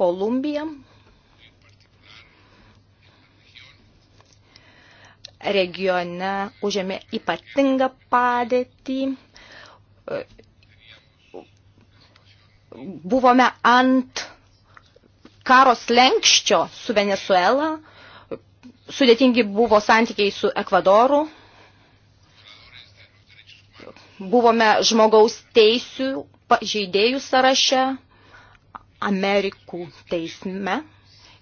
Kolumbija. Regione užėmė ypatingą padėtį. Buvome ant karos lenkščio su Venezuela. Sudėtingi buvo santykiai su Ekvadoru buvome žmogaus teisių pažeidėjų sąraše, Amerikų teisme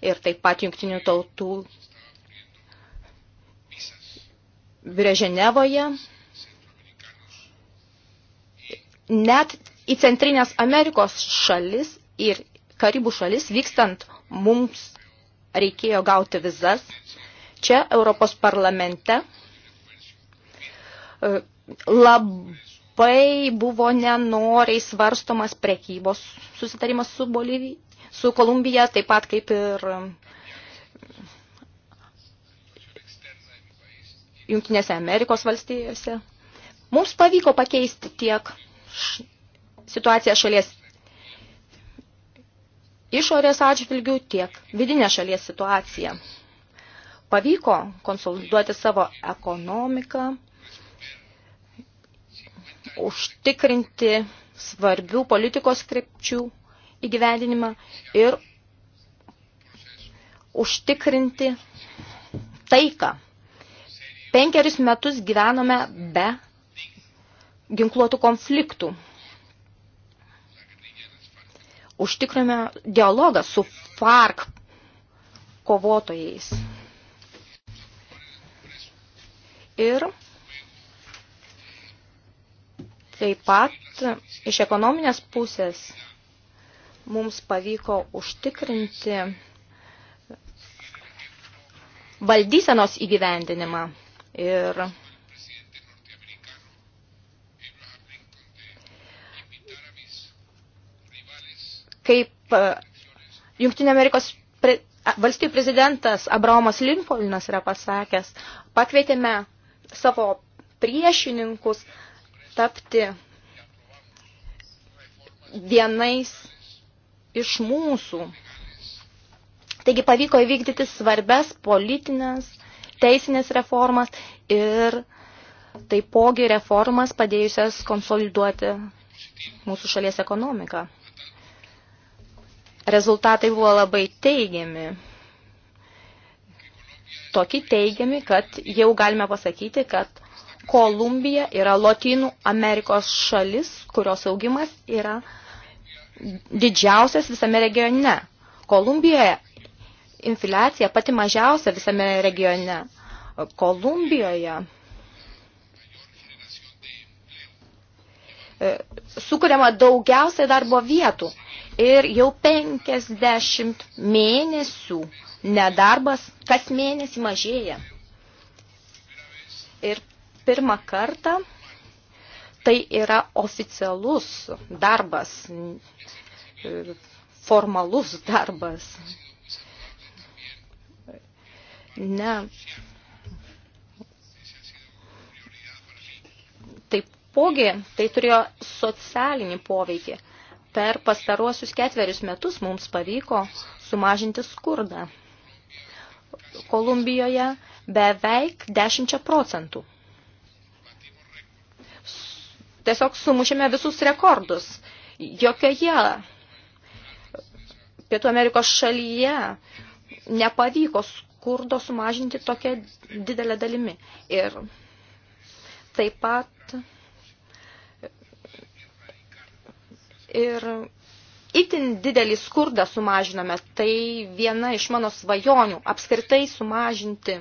ir taip pat jungtinių tautų Breženevoje. Net į Centrinės Amerikos šalis ir Karibų šalis vykstant mums reikėjo gauti vizas. Čia Europos parlamente e, labai labai buvo nenoriai svarstomas prekybos susitarimas su, Bolivij, su Kolumbija, taip pat kaip ir um, Junktinėse Amerikos valstijose. Mums pavyko pakeisti tiek situaciją šalies išorės atžvilgių, tiek vidinę šalies situaciją. Pavyko konsoliduoti savo ekonomiką, užtikrinti svarbių politikos krypčių įgyvendinimą ir užtikrinti taiką. Penkerius metus gyvenome be ginkluotų konfliktų. Užtikrime dialogą su FARC kovotojais. Ir Taip pat iš ekonominės pusės mums pavyko užtikrinti valdysenos įgyvendinimą ir kaip e, Junktinė Amerikos pre, valstybių prezidentas Abraomas Lincolnas yra pasakęs, pakvietėme savo priešininkus uh, tapti vienais iš mūsų. Taigi pavyko įvykdyti svarbes politinės, teisinės reformas ir taipogi reformas padėjusias konsoliduoti mūsų šalies ekonomiką. Rezultatai buvo labai teigiami. Tokį teigiami, kad jau galime pasakyti, kad Kolumbija yra Lotynų Amerikos šalis, kurios augimas yra didžiausias visame regione. Kolumbijoje infiliacija pati mažiausia visame regione. Kolumbijoje e, sukuriama daugiausiai darbo vietų ir jau 50 mėnesių nedarbas kas mėnesį mažėja. Ir pirmą kartą tai yra oficialus darbas, formalus darbas. Ne. Taipogi tai turėjo socialinį poveikį. Per pastaruosius ketverius metus mums pavyko sumažinti skurdą. Kolumbijoje beveik 10 procentų tiesiog sumušėme visus rekordus. Jokioje Pietų Amerikos šalyje nepavyko skurdo sumažinti tokia didelė dalimi. Ir taip pat ir itin didelį skurdą sumažiname. Tai viena iš mano svajonių apskritai sumažinti,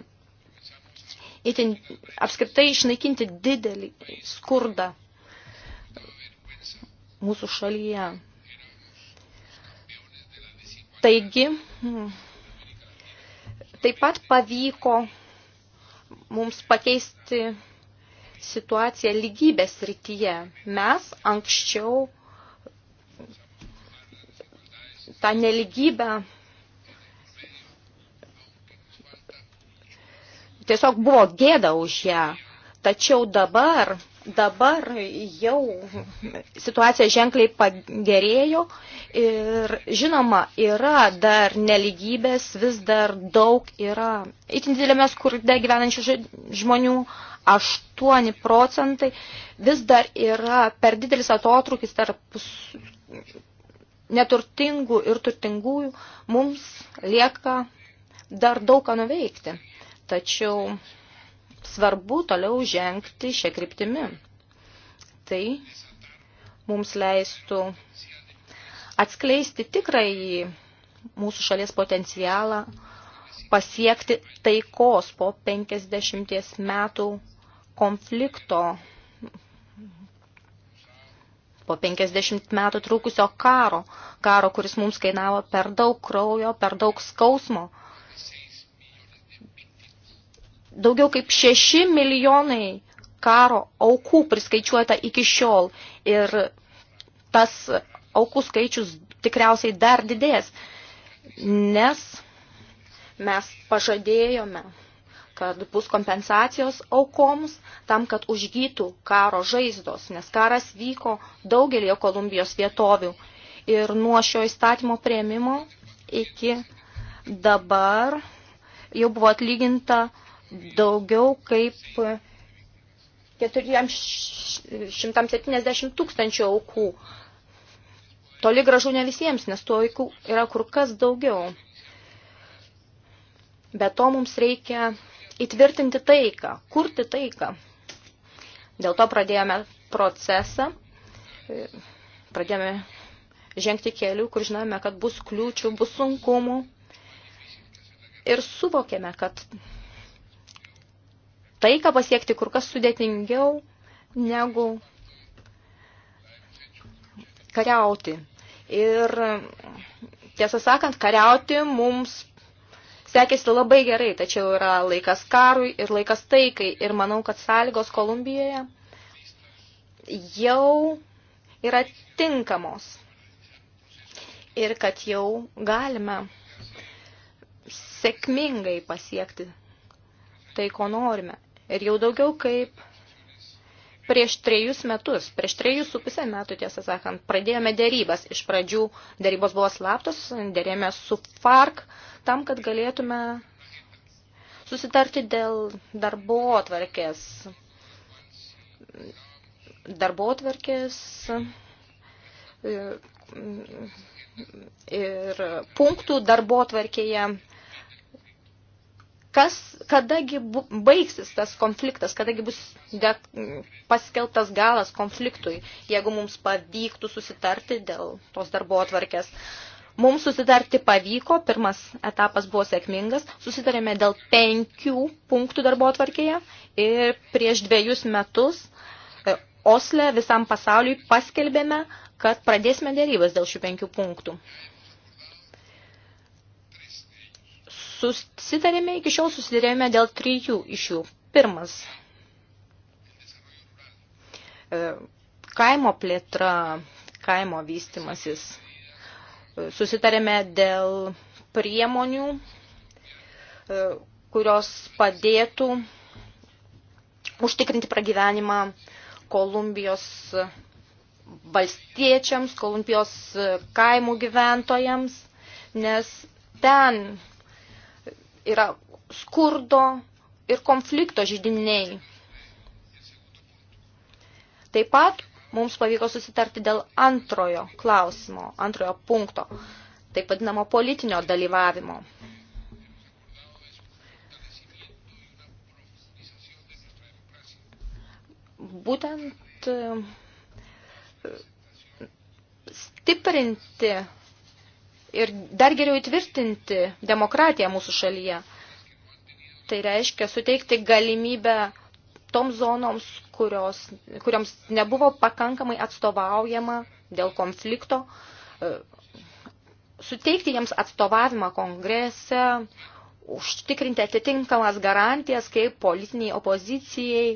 itin, apskritai išnaikinti didelį skurdą mūsų šalyje. Taigi, taip pat pavyko mums pakeisti situaciją lygybės rytyje. Mes anksčiau tą neligybę tiesiog buvo gėda už ją. Tačiau dabar Dabar jau situacija ženkliai pagerėjo ir žinoma, yra dar neligybės, vis dar daug yra itin didelėme skurde gyvenančių žmonių, 8 procentai, vis dar yra per didelis atotrukis tarp neturtingų ir turtingųjų, mums lieka dar daug ką nuveikti. Tačiau svarbu toliau žengti šią kryptimį. Tai mums leistų atskleisti tikrąjį mūsų šalies potencialą, pasiekti taikos po 50 metų konflikto, po 50 metų trukusio karo, karo, kuris mums kainavo per daug kraujo, per daug skausmo, daugiau kaip 6 milijonai karo aukų priskaičiuota iki šiol ir tas aukų skaičius tikriausiai dar didės, nes mes pažadėjome, kad bus kompensacijos aukoms tam, kad užgytų karo žaizdos, nes karas vyko daugelio Kolumbijos vietovių. Ir nuo šio įstatymo prieimimo iki dabar jau buvo atlyginta daugiau kaip 470 tūkstančių aukų. Toli gražu ne visiems, nes tų aukų yra kur kas daugiau. Be to mums reikia įtvirtinti taiką, kurti taiką. Dėl to pradėjome procesą, pradėjome žengti kelių, kur žinome, kad bus kliūčių, bus sunkumų. Ir suvokėme, kad taiką pasiekti kur kas sudėtingiau negu kariauti. Ir tiesą sakant, kariauti mums sekėsi labai gerai, tačiau yra laikas karui ir laikas taikai. Ir manau, kad sąlygos Kolumbijoje jau yra tinkamos. Ir kad jau galime sėkmingai pasiekti tai, ko norime. Ir jau daugiau kaip prieš trejus metus, prieš trejus su pusę metų, tiesą sakant, pradėjome dėrybas. Iš pradžių dėrybos buvo slaptos, dėrėjome su FARC tam, kad galėtume susitarti dėl darbo atvarkės. Darbo atvarkės ir punktų darbo atvarkėje kas, kadagi bu, baigsis tas konfliktas, kadagi bus de, paskeltas galas konfliktui, jeigu mums pavyktų susitarti dėl tos darbo atvarkės. Mums susitarti pavyko, pirmas etapas buvo sėkmingas, susitarėme dėl penkių punktų darbo atvarkėje ir prieš dviejus metus e, Osle visam pasauliui paskelbėme, kad pradėsime dėrybas dėl šių penkių punktų. susitarėme, iki šiol susitarėme dėl trijų iš jų. Pirmas e, kaimo plėtra, kaimo vystimasis. E, susitarėme dėl priemonių, e, kurios padėtų užtikrinti pragyvenimą Kolumbijos valstiečiams, Kolumbijos kaimų gyventojams, nes ten yra skurdo ir konflikto žydiniai. Taip pat mums pavyko susitarti dėl antrojo klausimo, antrojo punkto, taip vadinamo politinio dalyvavimo. Būtent e, stiprinti ir dar geriau įtvirtinti demokratiją mūsų šalyje. Tai reiškia suteikti galimybę toms zonoms, kurios, kurioms nebuvo pakankamai atstovaujama dėl konflikto, e, suteikti jiems atstovavimą kongrese, užtikrinti atitinkamas garantijas kaip politiniai opozicijai,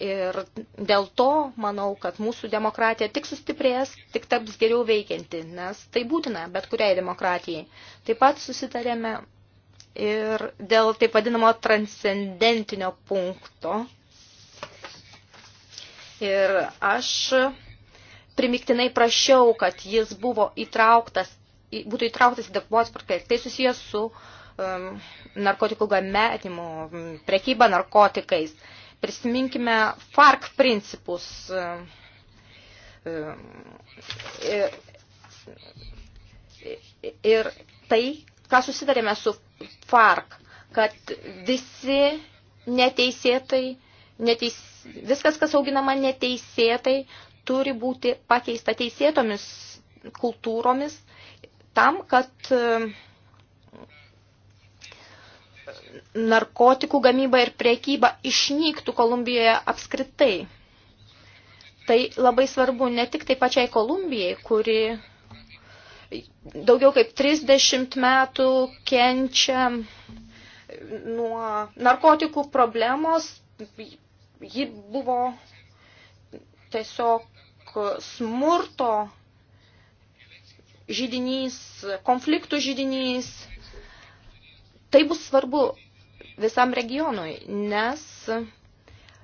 Ir dėl to manau, kad mūsų demokratija tik sustiprės, tik taps geriau veikianti, nes tai būtina bet kuriai demokratijai. Taip pat susitarėme ir dėl taip vadinamo transcendentinio punkto. Ir aš primiktinai prašiau, kad jis buvo įtrauktas, būtų įtrauktas į darbotvarkę. Tai susijęs su um, narkotikų gametimu, prekyba narkotikais. Uh, Prisiminkime FARC principus. Ir tai, ką susidarėme su FARC, kad visi neteisėtai, neteis, viskas, kas auginama neteisėtai, turi būti pakeista teisėtomis kultūromis tam, kad narkotikų gamyba ir priekyba išnyktų Kolumbijoje apskritai. Tai labai svarbu ne tik tai pačiai Kolumbijai, kuri daugiau kaip 30 metų kenčia nuo narkotikų problemos. Ji buvo tiesiog smurto žydinys, konfliktų žydinys Tai bus svarbu visam regionui, nes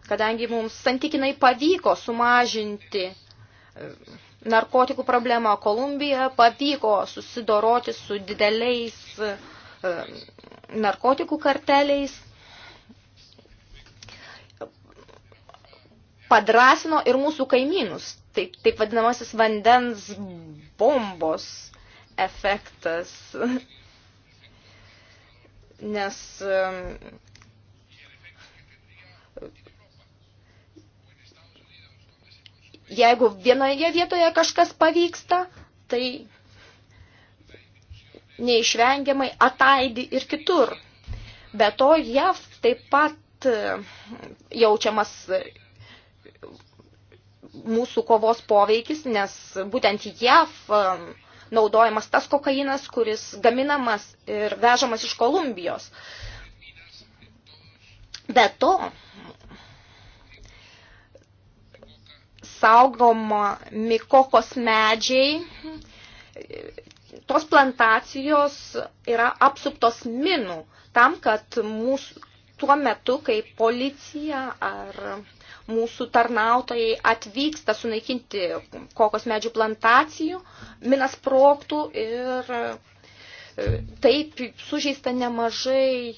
kadangi mums santykinai pavyko sumažinti e, narkotikų problemą Kolumbijoje, pavyko susidoroti su dideliais e, narkotikų karteliais, padrasino ir mūsų kaimynus. Taip, taip vadinamasis vandens bombos efektas. nes jeigu vienoje vietoje kažkas pavyksta, tai neišvengiamai ataidi ir kitur. Be to, JAV taip pat jaučiamas mūsų kovos poveikis, nes būtent JAV naudojamas tas kokainas, kuris gaminamas ir vežamas iš Kolumbijos. Be to, saugomi kokos medžiai, tos plantacijos yra apsuptos minų tam, kad mūsų tuo metu, kai policija ar mūsų tarnautojai atvyksta sunaikinti kokos medžių plantacijų, minas proktų ir e, taip sužeista nemažai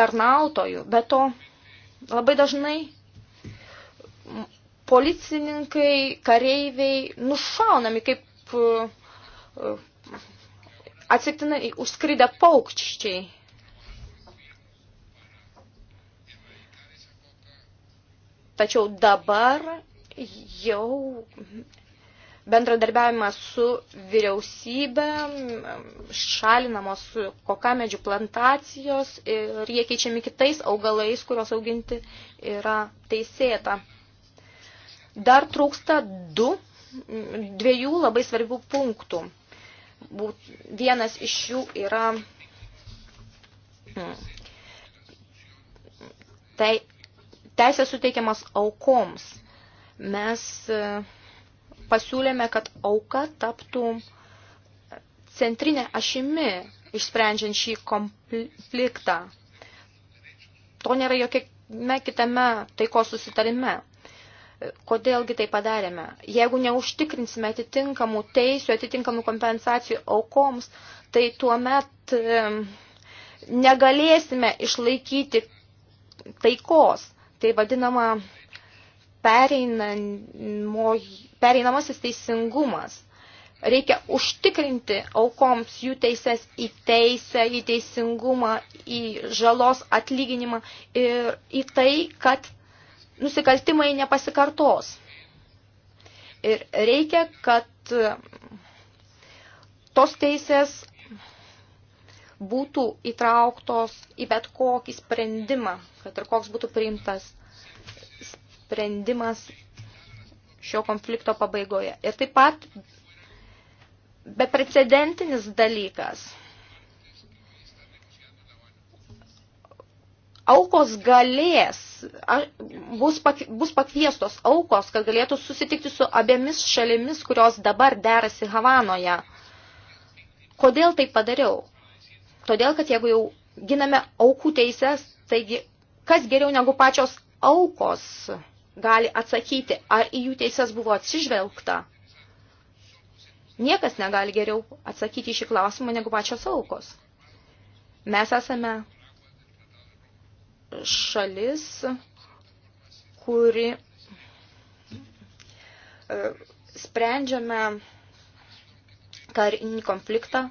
tarnautojų, bet to labai dažnai policininkai, kareiviai nušaunami kaip e, e, atsitiktinai užskridę paukščiai. Tačiau dabar jau bendradarbiavimas su vyriausybė, šalinamos kokamedžių plantacijos ir jie keičiami kitais augalais, kurios auginti yra teisėta. Dar trūksta du, dviejų labai svarbių punktų. Vienas iš jų yra hmm, tai teisės suteikiamas aukoms. Mes e, pasiūlėme, kad auka taptų centrinė ašimi, išsprendžiant šį konfliktą. To nėra jokiame kitame taiko susitarime. Kodėlgi tai padarėme? Jeigu neužtikrinsime atitinkamų teisių, atitinkamų kompensacijų aukoms, tai tuomet e, negalėsime išlaikyti taikos tai vadinama pereinamasis teisingumas. Reikia užtikrinti aukoms jų teises į teisę, į teisingumą, į žalos atlyginimą ir į tai, kad nusikaltimai nepasikartos. Ir reikia, kad tos teisės būtų įtrauktos į bet kokį sprendimą, kad ir koks būtų priimtas sprendimas šio konflikto pabaigoje. Ir taip pat beprecedentinis dalykas. Aukos galės, bus, bus pakviestos aukos, kad galėtų susitikti su abiemis šalimis, kurios dabar derasi Havanoje. Kodėl tai padariau? Todėl, kad jeigu jau giname aukų teises, taigi kas geriau negu pačios aukos gali atsakyti, ar į jų teises buvo atsižvelgta. Niekas negali geriau atsakyti į šį klausimą negu pačios aukos. Mes esame šalis, kuri e, sprendžiame karinį konfliktą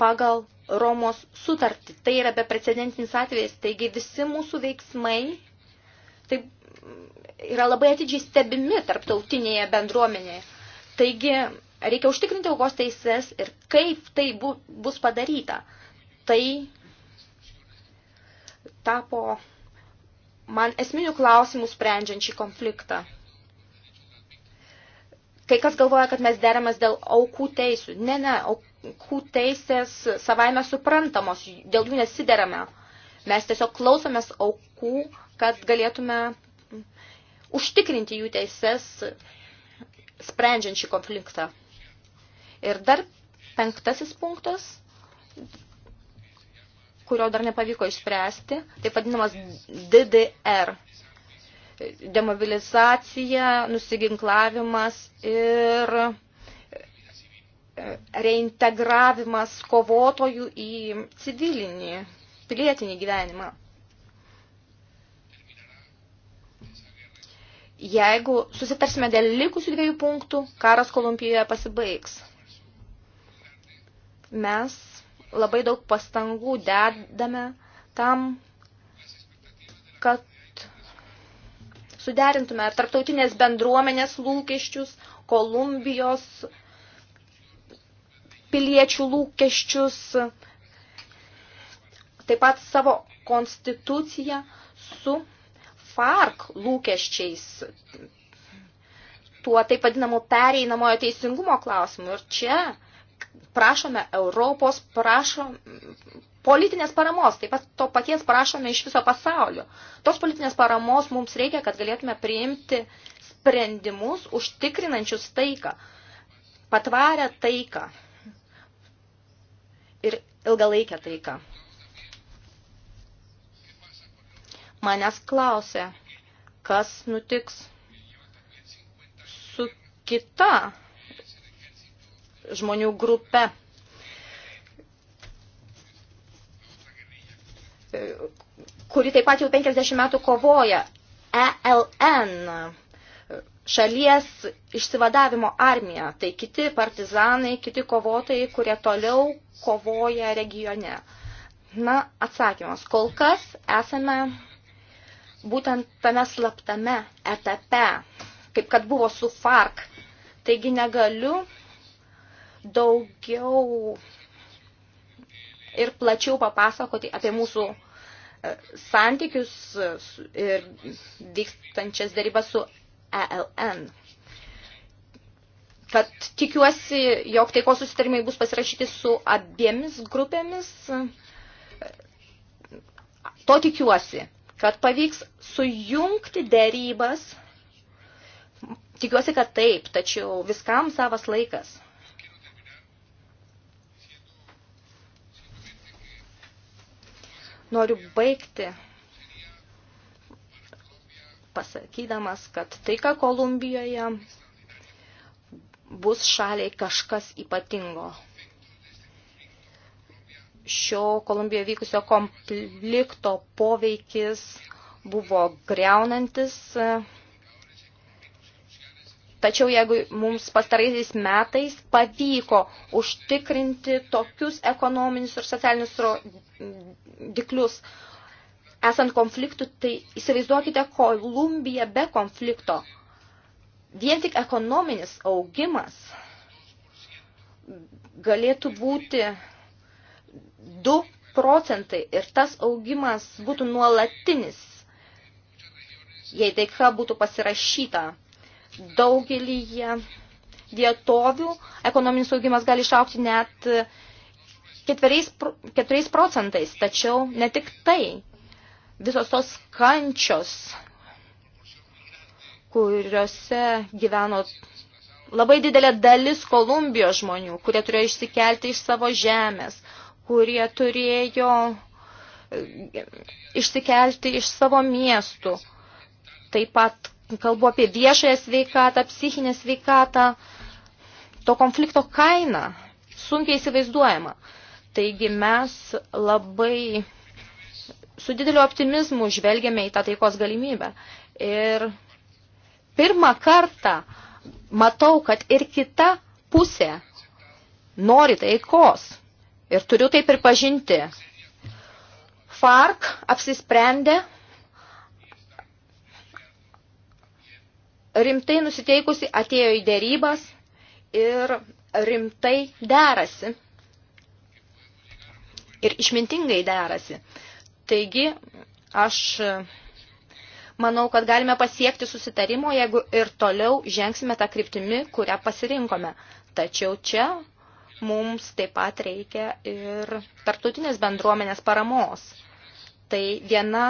pagal Romos sutartį. Tai yra beprecedentinis atvejis, taigi visi mūsų veiksmai tai yra labai atidžiai stebimi tarptautinėje bendruomenėje. Taigi reikia užtikrinti aukos teises ir kaip tai bu, bus padaryta. Tai tapo man esminių klausimų sprendžiant šį konfliktą. Kai kas galvoja, kad mes deramės dėl aukų teisų. Ne, ne, auk, vaikų teisės savaime suprantamos, dėl jų nesiderame. Mes tiesiog klausomės aukų, kad galėtume užtikrinti jų teises, sprendžiant šį konfliktą. Ir dar penktasis punktas, kurio dar nepavyko išspręsti, taip vadinamas DDR. Demobilizacija, nusiginklavimas ir reintegravimas kovotojų į civilinį, pilietinį gyvenimą. Jeigu susitarsime dėl likusių dviejų punktų, karas Kolumbijoje pasibaigs. Mes labai daug pastangų dedame tam, kad suderintume tarptautinės bendruomenės lūkesčius, Kolumbijos uh, piliečių lūkesčius, taip pat savo konstituciją su FARC lūkesčiais, tuo taip vadinamo pereinamojo teisingumo klausimu. Ir čia prašome Europos, prašom politinės paramos, taip pat to paties prašome iš viso pasaulio. Tos politinės paramos mums reikia, kad galėtume priimti sprendimus užtikrinančius taiką, patvarę taiką ir ilgalaikę taiką. Manęs klausė, kas nutiks su kita žmonių grupe, kuri taip pat jau 50 metų kovoja ELN šalies išsivadavimo armija, tai kiti partizanai, kiti kovotojai, kurie toliau kovoja regione. Na, atsakymas. Kol kas esame būtent tame slaptame etape, kaip kad buvo su FARC. Taigi negaliu daugiau ir plačiau papasakoti apie mūsų e, santykius ir vykstančias darybas su ELN. Tad tikiuosi, jog taikos susitarimai bus pasirašyti su abiemis grupėmis. To tikiuosi, kad pavyks sujungti dėrybas. Tikiuosi, kad taip, tačiau viskam savas laikas. Noriu baigti pasakydamas, kad taika Kolumbijoje bus šaliai kažkas ypatingo. Šio Kolumbijoje vykusio konflikto poveikis buvo greunantis. Tačiau jeigu mums pastaraisiais metais pavyko užtikrinti tokius ekonominius ir socialinius rodiklius, esant konfliktų, tai įsivaizduokite Kolumbiją be konflikto. Vien tik ekonominis augimas galėtų būti 2 procentai ir tas augimas būtų nuolatinis, jei taika būtų pasirašyta. Daugelį vietovių ekonominis augimas gali išaukti net keturiais procentais, tačiau ne tik tai visos tos kančios, kuriuose gyveno labai didelė dalis Kolumbijos žmonių, kurie turėjo išsikelti iš savo žemės, kurie turėjo e, išsikelti iš savo miestų. Taip pat kalbu apie viešąją sveikatą, psichinę sveikatą, to konflikto kaina sunkiai įsivaizduojama. Taigi mes labai su dideliu optimizmu žvelgiame į tą taikos galimybę. Ir pirmą kartą matau, kad ir kita pusė nori taikos. Ir turiu tai pripažinti. FARC apsisprendė rimtai nusiteikusi atėjo į dėrybas ir rimtai derasi. Ir išmintingai derasi. Taigi, aš e, manau, kad galime pasiekti susitarimo, jeigu ir toliau žengsime tą kryptimį, kurią pasirinkome. Tačiau čia mums taip pat reikia ir tartutinės bendruomenės paramos. Tai viena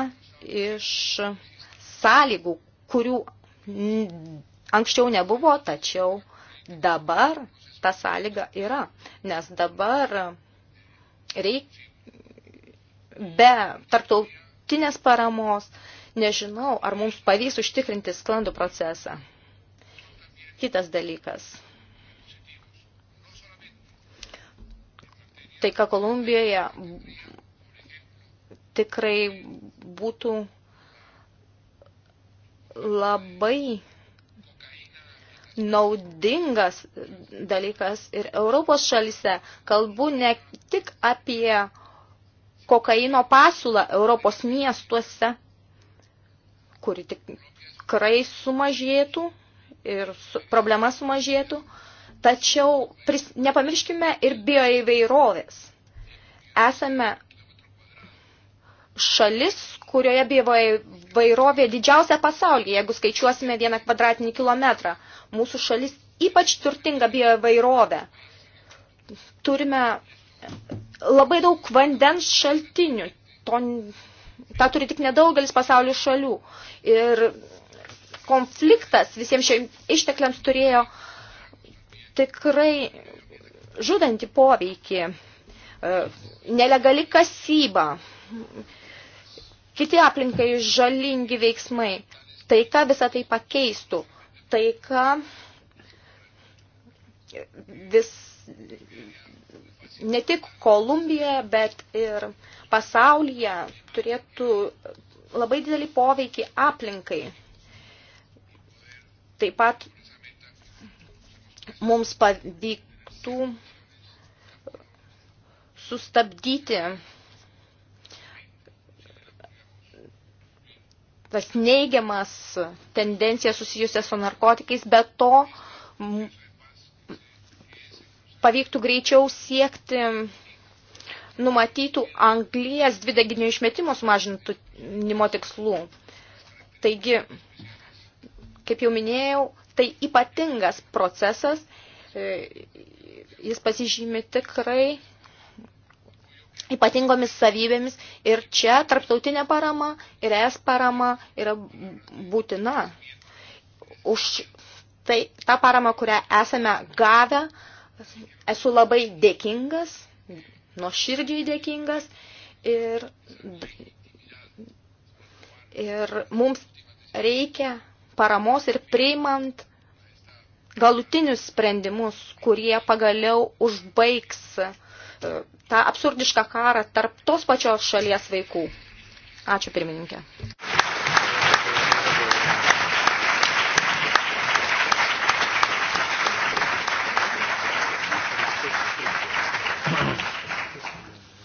iš sąlygų, kurių anksčiau nebuvo, tačiau dabar ta sąlyga yra. Nes dabar reikia be tarptautinės paramos, nežinau, ar mums pavyks užtikrinti sklandų procesą. Kitas dalykas. Tai, ką Kolumbijoje tikrai būtų labai naudingas dalykas ir Europos šalise. Kalbu ne tik apie kokaino pasiūlą Europos miestuose, kuri tikrai sumažėtų ir su, problema sumažėtų, tačiau pris, nepamirškime ir bioįvairovės. Esame šalis, kurioje bioįvairovė didžiausia pasaulyje, jeigu skaičiuosime vieną kvadratinį kilometrą. Mūsų šalis ypač turtinga bioįvairovė. Turime labai daug vandens šaltinių. To, tą turi tik nedaugelis pasaulio šalių. Ir konfliktas visiems šiems ištekliams turėjo tikrai žudantį poveikį. E, nelegali kasyba, kiti aplinkai žalingi veiksmai. Tai ką visą tai pakeistų? Tai ką vis ne tik Kolumbijoje, bet ir pasaulyje turėtų labai didelį poveikį aplinkai. Taip pat mums pavyktų sustabdyti tas neigiamas tendencijas susijusias su narkotikais, bet to pavyktų greičiau siekti numatytų anglijas dvideginio išmetimo sumažinimo tikslų. Taigi, kaip jau minėjau, tai ypatingas procesas, e, jis pasižymi tikrai ypatingomis savybėmis ir čia tarptautinė parama ir es parama yra būtina. Už tai, tą paramą, kurią esame gavę, uh, Esu labai dėkingas, nuoširdžiai dėkingas ir, ir mums reikia paramos ir priimant galutinius sprendimus, kurie pagaliau užbaigs e, tą absurdišką karą tarp tos pačios šalies vaikų. Ačiū pirmininkė.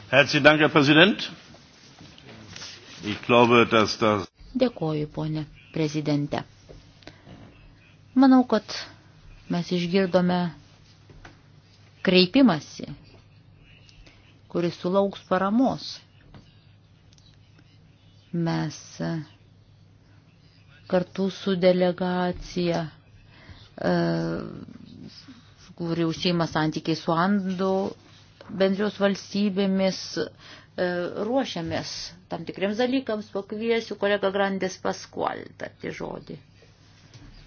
Herzlichen Dank, Herr Präsident. Ich glaube, dass das. Dėkoju, ponė prezidente. Manau, kad mes išgirdome kreipimasi, kuris sulauks paramos. Mes kartu su delegacija, e, kuri užsima santykiai su Andu, bendrijos valstybėmis e, ruošiamės tam tikriems dalykams, pakviesiu kolega Grandės Paskual tarti žodį.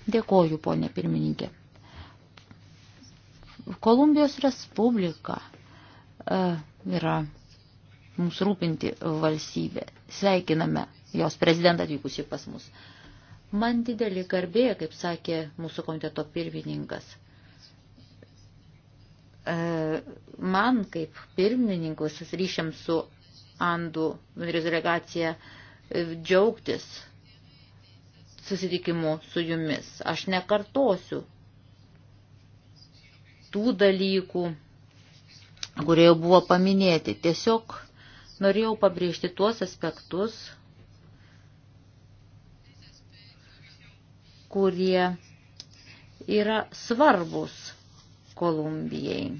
Dėkoju, ponė pirmininkė. Kolumbijos Respublika e, yra mums rūpinti valstybė. Sveikiname jos prezidentą atvykusi pas mus. Man didelį garbė, kaip sakė mūsų komiteto pirmininkas, E, man kaip pirmininkus ryšiam su Andų delegacija e, džiaugtis susitikimu su jumis. Aš nekartosiu tų dalykų, kurie jau buvo paminėti. Tiesiog norėjau pabrėžti tuos aspektus, kurie yra svarbus Kolumbijai.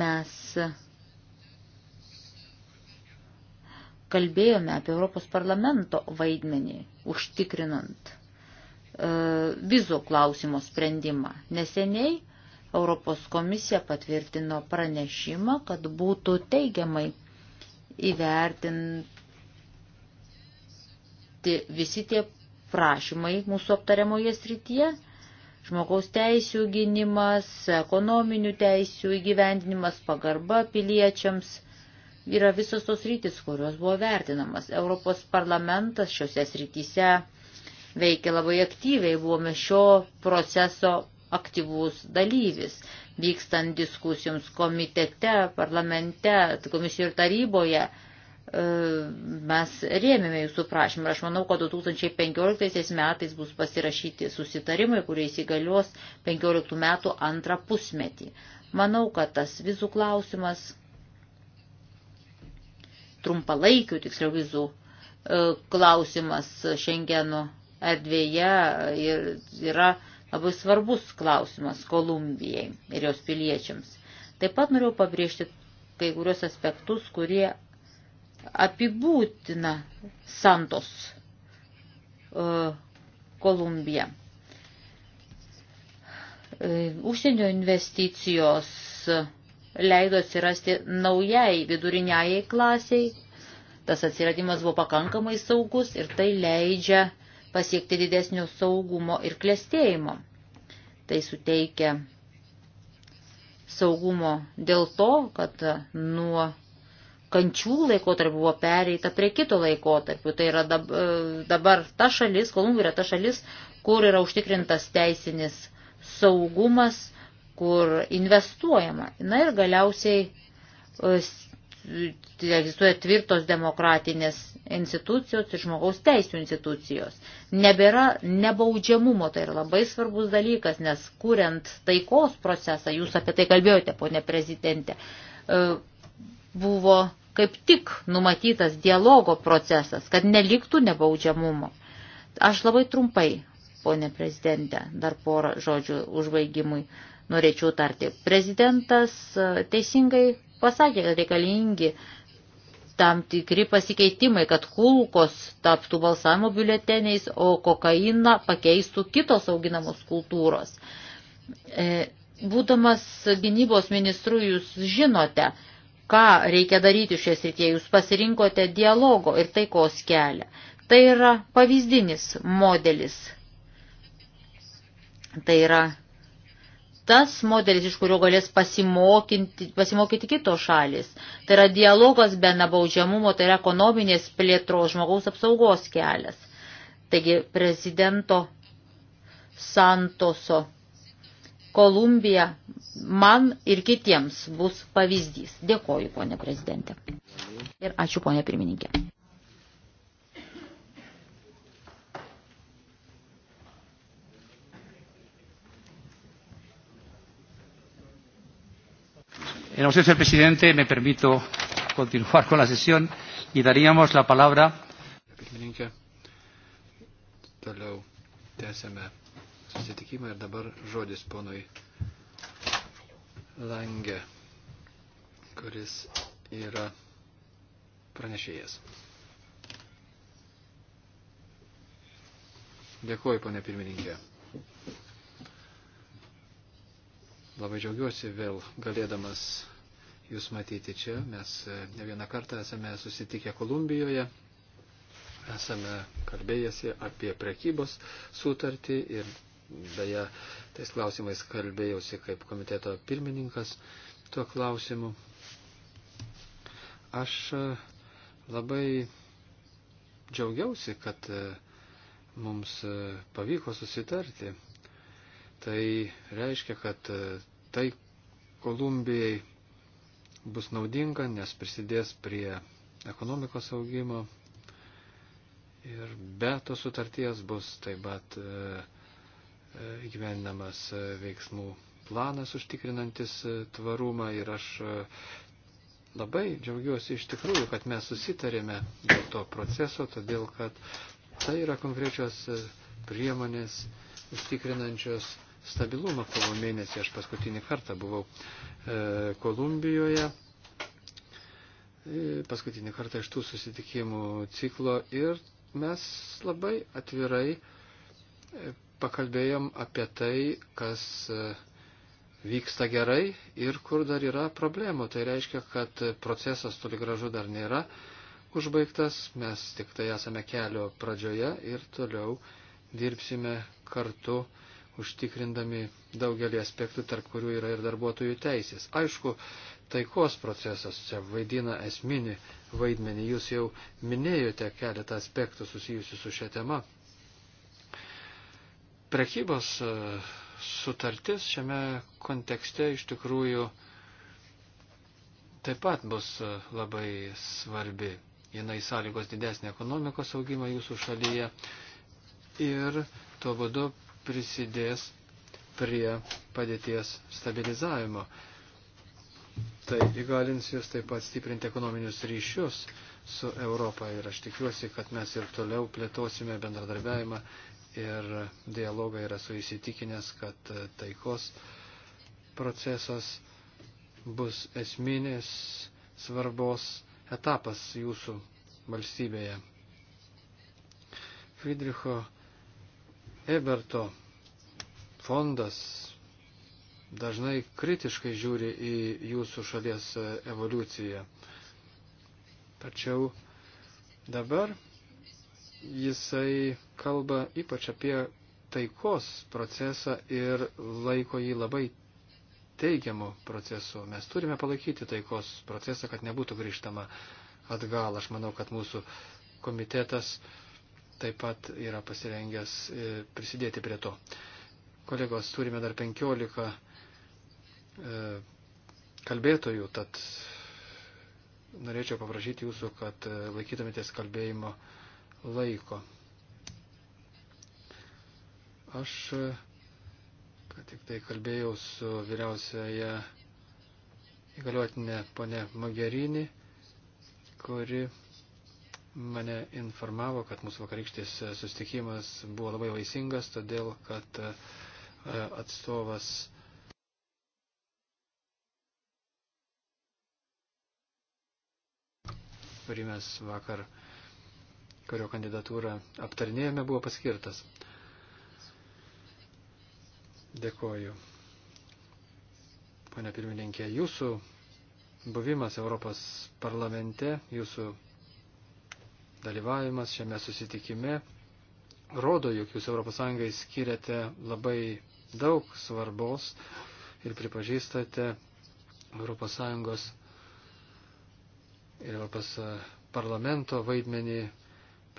Mes kalbėjome apie Europos parlamento vaidmenį, užtikrinant e, vizų klausimo sprendimą. Neseniai Europos komisija patvirtino pranešimą, kad būtų teigiamai įvertinti visi tie prašymai mūsų aptariamoje srityje žmogaus teisų gynimas, ekonominių teisų įgyvendinimas, pagarba piliečiams yra visos tos rytis, kurios buvo vertinamas. Europos parlamentas šiuose srityse veikia labai aktyviai, buvome šio proceso aktyvus dalyvis, vykstant diskusijoms komitete, parlamente, komisijoje ir taryboje E, mes rėmėme jūsų prašymą ir aš manau, kad 2015 metais bus pasirašyti susitarimai, kurie įsigalios 15 metų antrą pusmetį. Manau, kad tas vizų klausimas, trumpalaikių tiksliau vizų e, klausimas Šengeno erdvėje yra labai svarbus klausimas Kolumbijai ir jos piliečiams. Taip pat noriu pabrėžti kai kurios aspektus, kurie apibūtina Santos e, Kolumbiją. E, užsienio investicijos leido atsirasti naujai viduriniajai klasiai. Tas atsiradimas buvo pakankamai saugus ir tai leidžia pasiekti didesnio saugumo ir klėstėjimo. Tai suteikia saugumo dėl to, kad nuo kančių laikotarpių buvo pereita prie kito laikotarpių. Tai yra e, dabar ta šalis, Kolumbija yra ta šalis, kur yra užtikrintas teisinis saugumas, kur investuojama. Na ir galiausiai e, egzistuoja tvirtos demokratinės institucijos ir žmogaus teisų institucijos. Nebėra nebaudžiamumo, tai yra labai svarbus dalykas, nes kuriant taikos procesą, jūs apie tai kalbėjote, ponė prezidentė, e, buvo kaip tik numatytas dialogo procesas, kad neliktų nebaudžiamumo. Aš labai trumpai, ponė prezidentė, dar porą žodžių užbaigimui norėčiau tarti. Prezidentas e, teisingai pasakė, kad reikalingi tam tikri pasikeitimai, kad kulkos taptų balsavimo biuleteniais, o kokainą pakeistų kitos auginamos kultūros. E, būdamas gynybos ministru, jūs žinote, ką reikia daryti šioje srityje. Jūs pasirinkote dialogo ir taikos kelią. Tai yra pavyzdinis modelis. Tai yra tas modelis, iš kurio galės pasimokyti, pasimokyti kitos šalis. Tai yra dialogas be nabaudžiamumo, tai yra ekonominės plėtros žmogaus apsaugos kelias. Taigi prezidento Santoso Kolumbija man ir kitiems bus pavyzdys. Dėkoju, ponė prezidentė. Ir ačiū, ponė pirmininkė. En ausencia del presidente, me permito continuar con la sesión y daríamos la palabra. Pirmininkė, toliau tęsėme susitikimą ir dabar žodis ponui Lange, kuris yra pranešėjas. Dėkuoju, ponė pirmininkė. Labai džiaugiuosi vėl galėdamas jūs matyti čia. Mes e, ne vieną kartą esame susitikę Kolumbijoje, esame kalbėjęsi apie prekybos sutartį ir beje, tais klausimais kalbėjausi kaip komiteto pirmininkas tuo klausimu. Aš e, labai džiaugiausi, kad e, mums e, pavyko susitarti. Tai reiškia, kad tai Kolumbijai bus naudinga, nes prisidės prie ekonomikos augimo. Ir be to sutarties bus taip pat e, E, įgyvendinamas e, veiksmų planas užtikrinantis e, tvarumą ir aš labai džiaugiuosi iš tikrųjų, kad mes susitarėme dėl to proceso, todėl kad tai yra konkrečios priemonės užtikrinančios stabilumą kovo mėnesį. Aš paskutinį kartą buvau e, Kolumbijoje, e, paskutinį kartą iš tų susitikimų ciklo ir mes labai atvirai pakalbėjom apie tai, kas e, vyksta gerai ir kur dar yra problemų. Tai reiškia, kad procesas toli gražu dar nėra užbaigtas, mes tik tai esame kelio pradžioje ir toliau dirbsime kartu, užtikrindami daugelį aspektų, tarp kurių yra ir darbuotojų teisės. Aišku, taikos procesas čia vaidina esminį vaidmenį. Jūs jau minėjote keletą aspektų susijusių su šia tema. Prekybos e, sutartis šiame kontekste iš tikrųjų taip pat bus e, labai svarbi. Jinai sąlygos didesnį ekonomikos augimą jūsų šalyje ir tuo būdu prisidės prie padėties stabilizavimo. Tai įgalins jūs taip pat stiprinti ekonominius ryšius su Europą ir aš tikiuosi, kad mes ir toliau plėtosime bendradarbiavimą ir dialogą ir esu įsitikinęs, kad taikos procesas bus esminės svarbos etapas jūsų valstybėje. Friedricho Eberto fondas dažnai kritiškai žiūri į jūsų šalies evoliuciją. Tačiau dabar jisai kalba ypač apie taikos procesą ir laiko jį labai teigiamu procesu. Mes turime palaikyti taikos procesą, kad nebūtų grįžtama atgal. Aš manau, kad mūsų komitetas taip pat yra pasirengęs e, prisidėti prie to. Kolegos, turime dar 15 e, kalbėtojų, tad norėčiau paprašyti jūsų, kad e, laikytumėtės kalbėjimo laiko. Aš, e, kad tik tai kalbėjau su vyriausiaja įgaliotinė ponė Magerini, kuri mane informavo, kad mūsų vakarykštis sustikimas buvo labai vaisingas, todėl kad e, atstovas kurį mes vakar uh, kurio kandidatūrą aptarinėjome, buvo paskirtas. Dėkoju. Pane pirmininkė, jūsų buvimas Europos parlamente, jūsų dalyvavimas šiame susitikime rodo, jog jūs ES skiriate labai daug svarbos ir pripažįstate ES ir Europos parlamento vaidmenį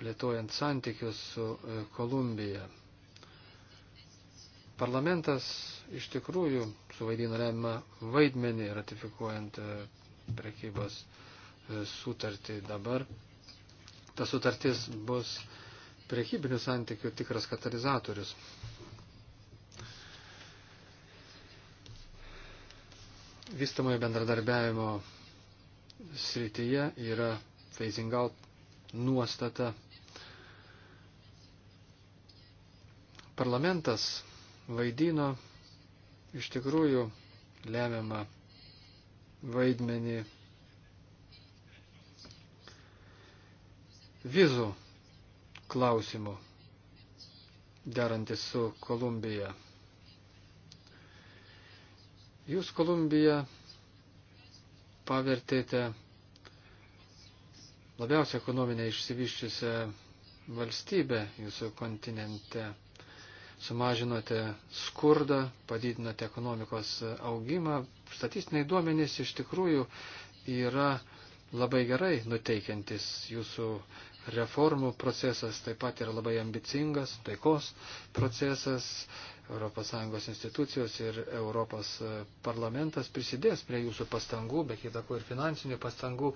plėtojant santykius su e, Kolumbija. Parlamentas iš tikrųjų suvaidino lemą vaidmenį ratifikuojant e, prekybos e, sutartį dabar. Ta sutartis bus prekybinių santykių tikras katalizatorius. Vystamojo bendradarbiavimo srityje yra phasing out nuostata. Parlamentas vaidino iš tikrųjų lemiamą vaidmenį vizų klausimų derantis su Kolumbija. Jūs Kolumbiją pavertėte labiausiai ekonominė išsivyščiusią valstybę jūsų kontinente. Sumažinote skurdą, padidinote ekonomikos augimą. Statistiniai duomenys iš tikrųjų yra labai gerai nuteikiantis jūsų reformų procesas taip pat yra labai ambicingas, taikos procesas, ES institucijos ir ES parlamentas prisidės prie jūsų pastangų, be kitako ir finansinių pastangų,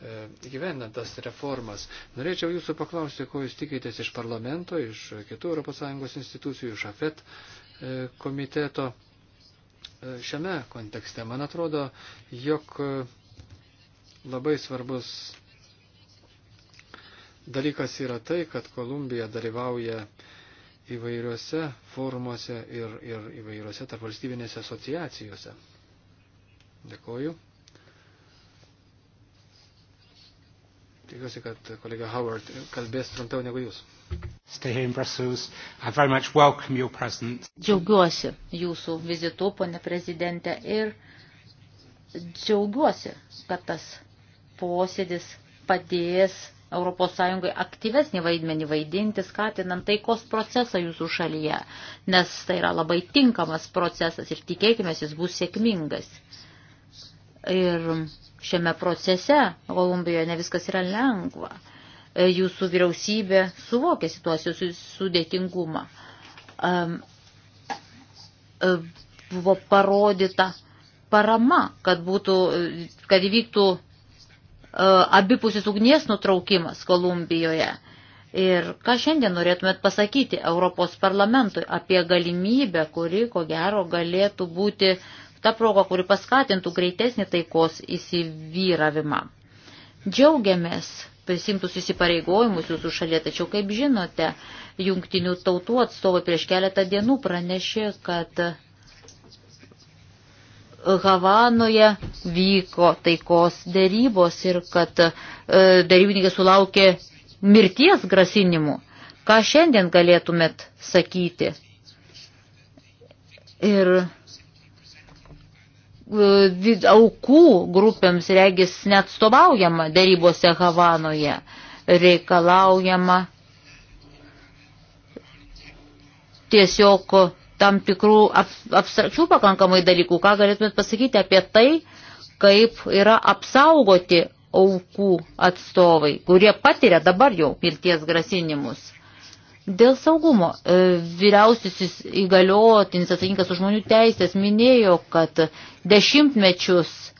E, įgyvendant tas reformas. Norėčiau jūsų paklausti, ko jūs tikitės iš parlamento, iš kitų ES institucijų, iš AFET e, komiteto e, šiame kontekste. Man atrodo, jog labai svarbus dalykas yra tai, kad Kolumbija dalyvauja įvairiuose formuose ir, ir įvairiuose tarpvalstybinėse asociacijose. Dėkoju. Tikiuosi, kad kolega Howard kalbės trumpiau negu jūs. Džiaugiuosi jūsų vizitu, ponė prezidentė, ir džiaugiuosi, kad tas posėdis padės ES aktyvesnį vaidmenį vaidinti, skatinant taikos procesą jūsų šalyje, nes tai yra labai tinkamas procesas ir tikėkime, jis bus sėkmingas. Ir šiame procese. Kolumbijoje ne viskas yra lengva. E, jūsų vyriausybė suvokia situacijos sudėtingumą. E, buvo parodyta parama, kad, būtų, kad įvyktų e, abipusis ugnies nutraukimas Kolumbijoje. Ir ką šiandien norėtumėt pasakyti Europos parlamentui apie galimybę, kuri ko gero galėtų būti ta proga, kuri paskatintų greitesnį taikos įsivyravimą. Džiaugiamės prisimtus įsipareigojimus jūsų šalyje, tačiau, kaip žinote, jungtinių tautų atstovai prieš keletą dienų pranešė, kad Havanoje vyko taikos dėrybos ir kad e, dėrybininkai sulaukė mirties grasinimų. Ką šiandien galėtumėt sakyti? Ir E, aukų grupėms regis neatstovaujama darybose Havanoje, reikalaujama tiesiog tam tikrų abstrakčių pakankamai dalykų. Ką galėtumėt pasakyti apie tai, kaip yra apsaugoti aukų atstovai, kurie patiria dabar jau mirties grasinimus? Dėl saugumo e, vyriausiasis įgaliotinis atsakingas už žmonių teisės minėjo, kad dešimtmečius e,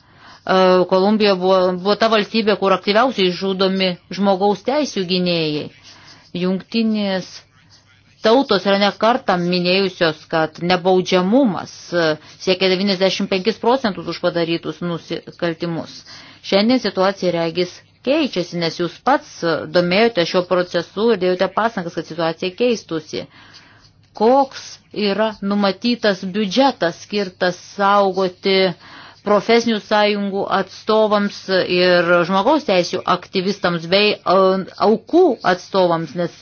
Kolumbija buvo, buvo ta valstybė, kur aktyviausiai žudomi žmogaus teisų gynėjai. Jungtinės tautos yra nekartą minėjusios, kad nebaudžiamumas e, siekia 95 procentus už padarytus nusikaltimus. Šiandien situacija regis keičiasi, nes jūs pats domėjote šio procesu ir dėjote pasangas, kad situacija keistusi. Koks yra numatytas biudžetas skirtas saugoti profesinių sąjungų atstovams ir žmogaus teisių aktyvistams bei e, aukų atstovams, nes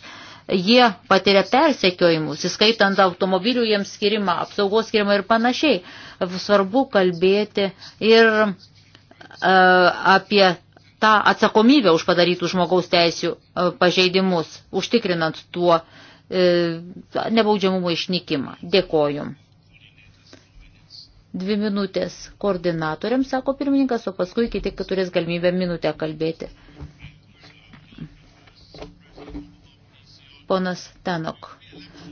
jie patiria persekiojimus, įskaitant automobilių jiems skirimą, apsaugos skirimą ir panašiai. Svarbu kalbėti ir e, apie tą atsakomybę už padarytų žmogaus teisių e, pažeidimus, užtikrinant tuo e, nebaudžiamumo išnykimą. Dėkoju. Dvi minutės koordinatoriams, sako pirmininkas, o paskui kiti turės galimybę minutę kalbėti. Ponas Tenok.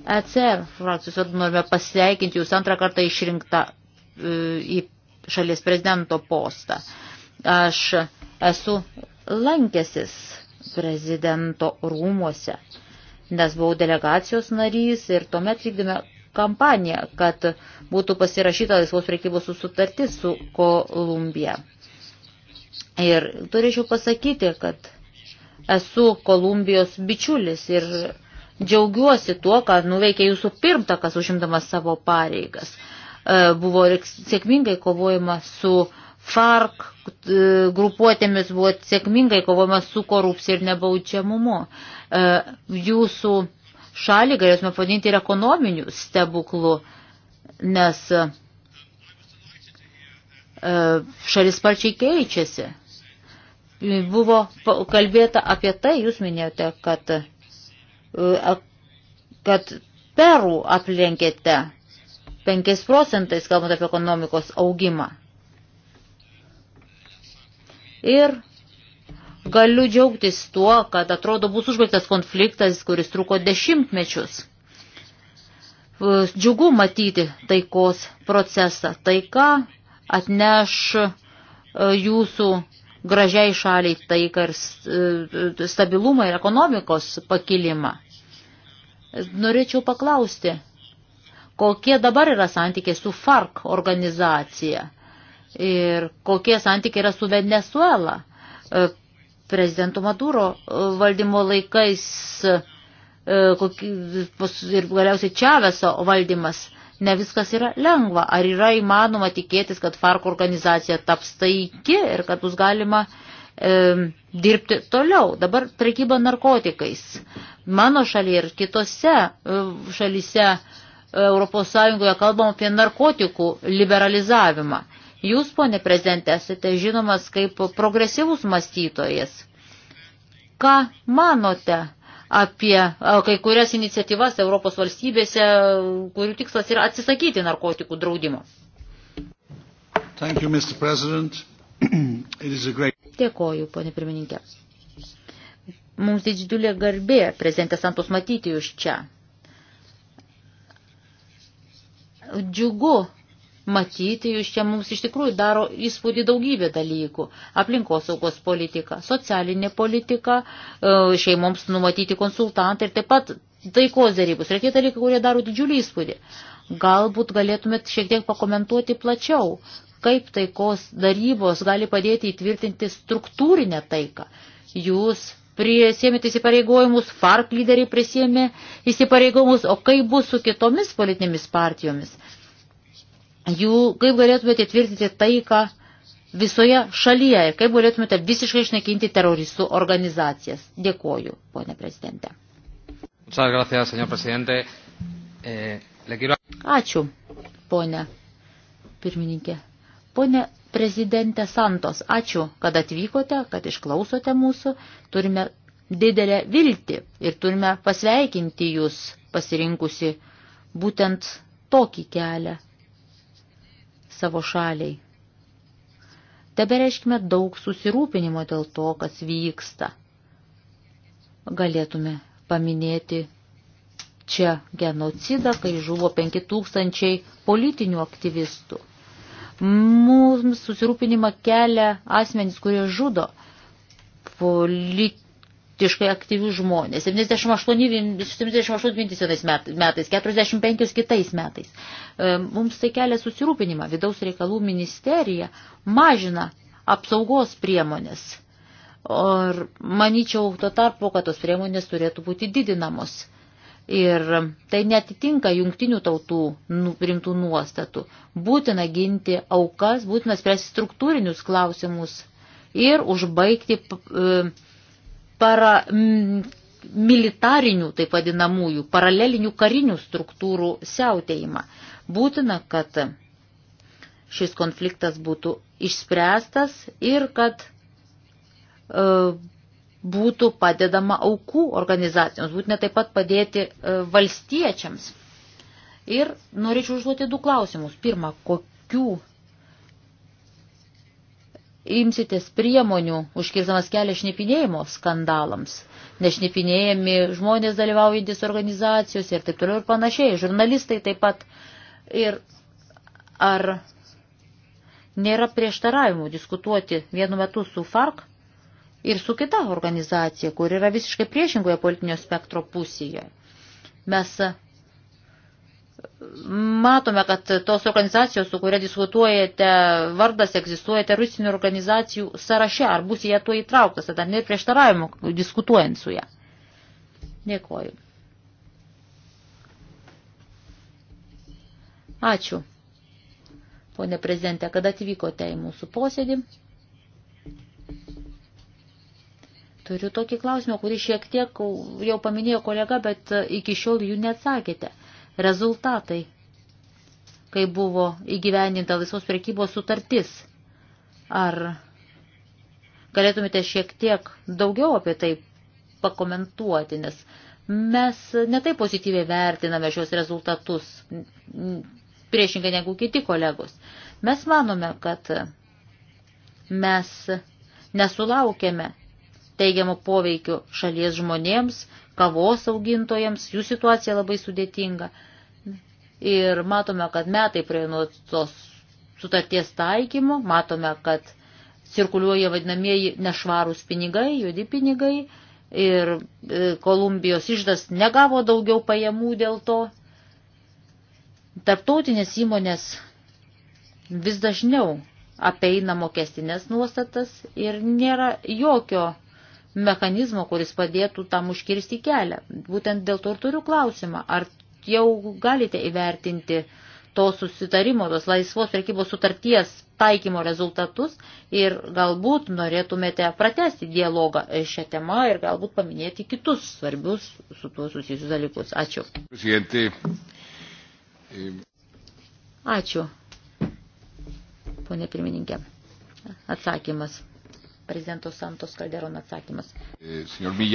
ECR frakcijos vardu norime pasveikinti jūs antrą kartą išrinktą e, į šalies prezidento postą. Aš Esu lankęsis prezidento rūmuose, nes buvau delegacijos narys ir tuomet vykdėme kampaniją, kad būtų pasirašyta laisvos priekybos sutartis su Kolumbija. Ir turėčiau pasakyti, kad esu Kolumbijos bičiulis ir džiaugiuosi tuo, kad nuveikė jūsų pirmtakas užimdamas savo pareigas. E, buvo sėkmingai kovojama su uh, FARC e, grupuotėmis buvo sėkmingai kovoma su korupcija ir nebaudžiamumu. E, jūsų šalį galėsime pavadinti ir ekonominių stebuklų, nes e, šalis sparčiai keičiasi. Buvo kalbėta apie tai, jūs minėjote, kad, kad Perų aplenkėte 5 procentais, kalbant apie ekonomikos augimą. Ir galiu džiaugtis tuo, kad atrodo bus užbaigtas konfliktas, kuris truko dešimtmečius. Džiugu matyti taikos procesą. Taika atneš e, jūsų gražiai šaliai taiką ir e, stabilumą ir ekonomikos pakilimą. Norėčiau paklausti, kokie dabar yra santykiai su FARC organizacija? ir kokie santykiai yra su Venezuela. E, Prezidento Maduro e, valdymo laikais e, ir galiausiai Čiaveso valdymas ne viskas yra lengva. Ar yra įmanoma tikėtis, kad FARC organizacija taps taiki ir kad bus galima e, dirbti toliau? Dabar prekyba narkotikais. Mano šalyje ir kitose šalyse Europos Sąjungoje kalbam apie narkotikų liberalizavimą. Jūs, ponė prezidentė, esate žinomas kaip progresyvus mąstytojas. Ką manote apie kai kurias iniciatyvas Europos valstybėse, kurių tikslas yra atsisakyti narkotikų draudimo? Thank you, Mr. President. It is a great... Dėkoju, ponė pirmininkė. Mums didžiulė garbė, prezidentė Santos, matyti jūs čia. Džiugu, matyti, jūs čia mums iš tikrųjų daro įspūdį daugybę dalykų. Aplinkosaugos politika, socialinė politika, e, šeimoms numatyti konsultantai ir taip pat taikos darybus. Ir tie dalykai, kurie daro didžiulį įspūdį. Galbūt galėtumėt šiek tiek pakomentuoti plačiau, kaip taikos darybos gali padėti įtvirtinti struktūrinę taiką. Jūs prisėmėte įsipareigojimus, FARC lyderiai prisėmė įsipareigojimus, o kaip bus su kitomis politinėmis partijomis jų, kaip galėtumėte tvirtinti taiką visoje šalyje ir kaip galėtumėte visiškai išnaikinti teroristų organizacijas. Dėkoju, ponė prezidente. Eh, ačiū, ponė pirmininkė. Ponė prezidentė Santos, ačiū, kad atvykote, kad išklausote mūsų. Turime didelę viltį ir turime pasveikinti jūs pasirinkusi būtent tokį kelią savo šaliai. Tebereiškime daug susirūpinimo dėl to, kas vyksta. Galėtume paminėti čia genocidą, kai žuvo 5000 politinių aktyvistų. Mums susirūpinimą kelia asmenys, kurie žudo polit politiškai aktyvius žmonės. 78, 78 vienais metais, 45 kitais metais. E, mums tai kelia susirūpinimą. Vidaus reikalų ministerija mažina apsaugos priemonės. Ir manyčiau tuo tarpu, kad tos priemonės turėtų būti didinamos. Ir tai netitinka jungtinių tautų nu, primtų nuostatų. Būtina ginti aukas, būtina spręsti struktūrinius klausimus ir užbaigti e, para, m, mm, militarinių, taip vadinamųjų, paralelinių karinių struktūrų siautėjimą. Būtina, kad šis konfliktas būtų išspręstas ir kad e, būtų padedama aukų organizacijoms, būtina taip pat padėti e, valstiečiams. Ir norėčiau užduoti du klausimus. Pirma, kokių imsitės priemonių užkirzamas kelią šnipinėjimo skandalams, nešnipinėjami žmonės dalyvaujantis organizacijos ir taip toliau ir panašiai, žurnalistai taip pat. Ir ar nėra prieštaravimų diskutuoti vienu metu su FARC ir su kita organizacija, kur yra visiškai priešingoje politinio spektro pusėje. Mes matome, kad tos organizacijos, su kuria diskutuojate, vardas egzistuoja teroristinių organizacijų sąraše, ar bus jie tuo įtrauktas, ar net prieštaravimų diskutuojant su ją. Dėkoju. Ačiū, ponė prezidentė, kad atvykote į mūsų posėdį. Turiu tokį klausimą, kurį šiek tiek jau paminėjo kolega, bet iki šiol jų neatsakėte rezultatai, kai buvo įgyveninta laisvos prekybos sutartis. Ar galėtumėte šiek tiek daugiau apie tai pakomentuoti, nes mes netai pozityviai vertiname šios rezultatus, priešingai negu kiti kolegos. Mes manome, kad mes nesulaukėme teigiamo poveikio šalies žmonėms, kavos augintojams, jų situacija labai sudėtinga. Ir matome, kad metai praėjo nuo tos sutarties taikymo, matome, kad cirkuliuoja vadinamieji nešvarūs pinigai, juodi pinigai ir e, Kolumbijos išdas negavo daugiau pajamų dėl to. Tarptautinės įmonės vis dažniau apeina mokestinės nuostatas ir nėra jokio mechanizmo, kuris padėtų tam užkirsti kelią. Būtent dėl to ir turiu klausimą, ar jau galite įvertinti to susitarimo, tos laisvos prekybos sutarties taikymo rezultatus ir galbūt norėtumėte pratesti dialogą šią temą ir galbūt paminėti kitus svarbius su tuo susijusius dalykus. Ačiū. Ačiū. Pone pirmininkė. Atsakymas prezidento Santos Kalderon atsakymas. Eh,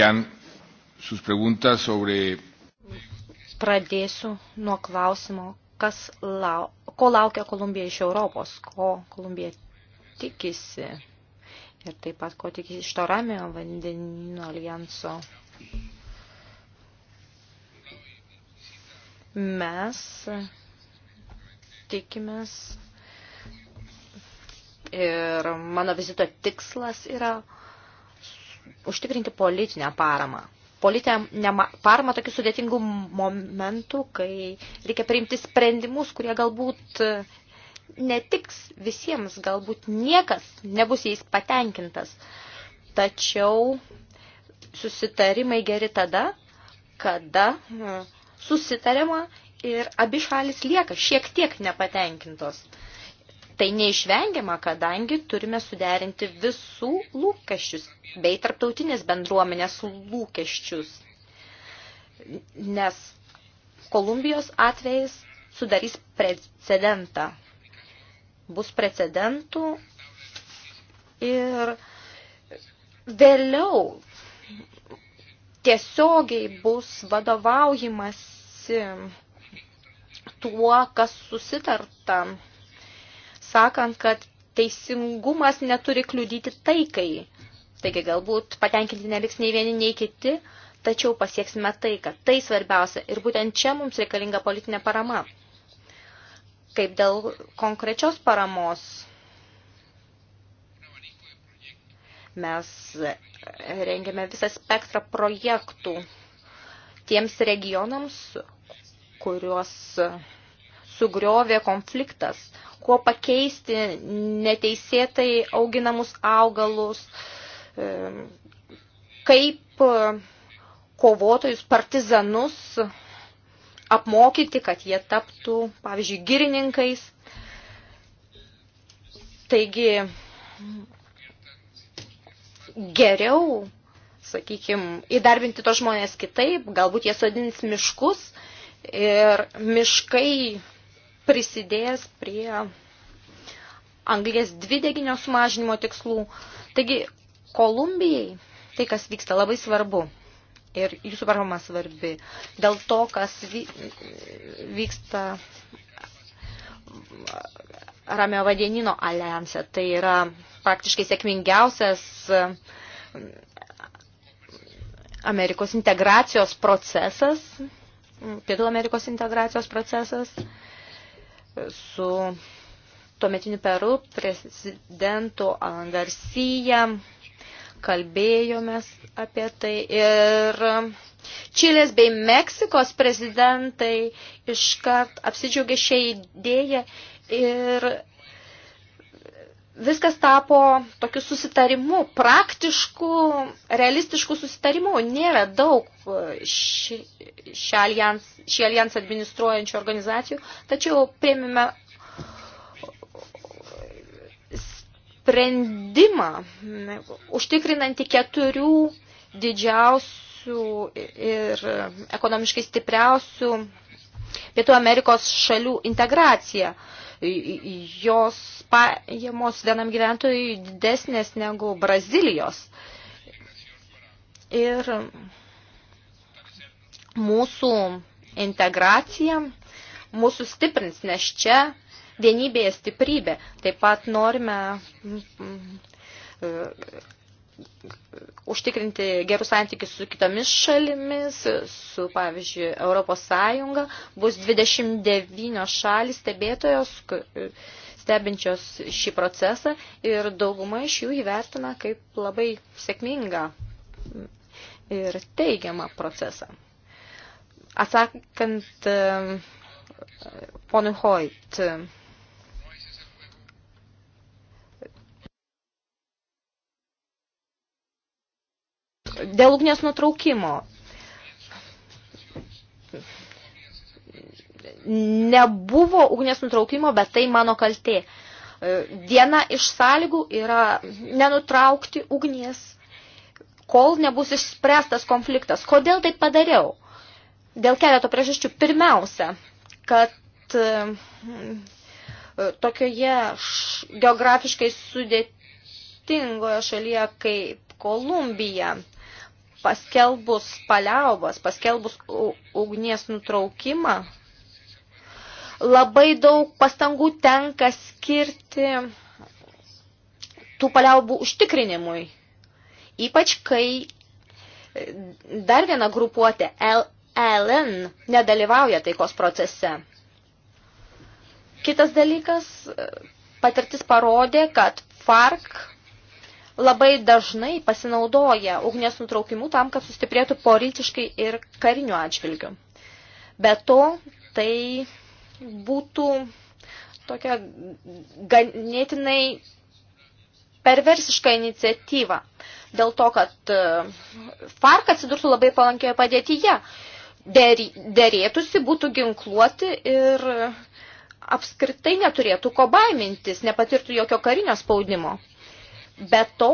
Pradėsiu nuo klausimo, kas lau, ko laukia Kolumbija iš Europos, ko Kolumbija tikisi ir taip pat ko tikisi iš to ramio vandenino alijanso. Mes tikimės Ir mano vizito tikslas yra užtikrinti politinę paramą. Politinę paramą tokių sudėtingų momentų, kai reikia priimti sprendimus, kurie galbūt e, netiks visiems, galbūt niekas nebus jais patenkintas. Tačiau susitarimai geri tada, kada e, susitariama ir abi šalis lieka šiek tiek nepatenkintos. Tai neišvengiama, kadangi turime suderinti visų lūkesčius bei tarptautinės bendruomenės lūkesčius. Nes Kolumbijos atvejais sudarys precedentą. Bus precedentų ir vėliau tiesiogiai bus vadovaujimasi tuo, kas susitarta sakant, kad teisingumas neturi kliudyti taikai. Taigi galbūt patenkinti neliks nei vieni, nei kiti, tačiau pasieksime taiką. Tai svarbiausia ir būtent čia mums reikalinga politinė parama. Kaip dėl konkrečios paramos mes rengiame visą spektrą projektų tiems regionams, kuriuos sugriovė konfliktas, kuo pakeisti neteisėtai auginamus augalus, kaip kovotojus, partizanus apmokyti, kad jie taptų, pavyzdžiui, girininkais. Taigi, geriau, sakykime, įdarbinti tos žmonės kitaip, galbūt jie sodins miškus ir miškai prisidės prie anglės dvideginio sumažinimo tikslų. Taigi, Kolumbijai tai, kas vyksta, labai svarbu. Ir jūsų parama svarbi. Dėl to, kas vyksta Ramio vandenino alianse, tai yra praktiškai sėkmingiausias um, Amerikos integracijos procesas, Pietų Amerikos integracijos procesas su tuometiniu Peru prezidentu Angarsija, kalbėjomės apie tai ir Čilės bei Meksikos prezidentai iškart apsidžiaugė šią idėją ir viskas tapo tokiu susitarimu, praktišku, realistišku susitarimu. Nėra daug e, šį, šį, alijans, šį alijansą administruojančių organizacijų, tačiau priėmėme sprendimą užtikrinantį keturių didžiausių ir ekonomiškai stipriausių Pietų Amerikos šalių integraciją. Uh, jos pajamos vienam gyventojui didesnės negu Brazilijos. Ir mūsų integracija mūsų stiprins, nes čia vienybėje stiprybė. Taip pat norime užtikrinti gerus santykius su kitomis šalimis, su, pavyzdžiui, Europos Sąjunga. Bus 29 šalis stebėtojos, stebinčios šį procesą ir dauguma iš jų įvertina kaip labai sėkmingą ir teigiamą procesą. Atsakant e, ponui Hoyt, dėl ugnies nutraukimo. Nebuvo ugnies nutraukimo, bet tai mano kaltė. E, Viena iš sąlygų yra nenutraukti ugnies, kol nebus išspręstas konfliktas. Kodėl tai padariau? Dėl keleto priežasčių. Pirmiausia, kad e, tokioje geografiškai sudėtingoje šalyje kaip Kolumbija paskelbus paliaubas, paskelbus ugnies nutraukimą, labai daug pastangų tenka skirti tų paliaubų užtikrinimui. Ypač kai dar viena grupuotė LN nedalyvauja taikos procese. Kitas dalykas, patirtis parodė, kad FARC labai dažnai pasinaudoja ugnies nutraukimu tam, kad sustiprėtų politiškai ir kariniu atžvilgiu. Be to, tai būtų tokia ganėtinai perversiška iniciatyva. Dėl to, kad e, FARC atsidurtų labai palankioje padėtyje. Dėrėtųsi, būtų ginkluoti ir apskritai neturėtų ko baimintis, nepatirtų jokio karinio spaudimo. Be to,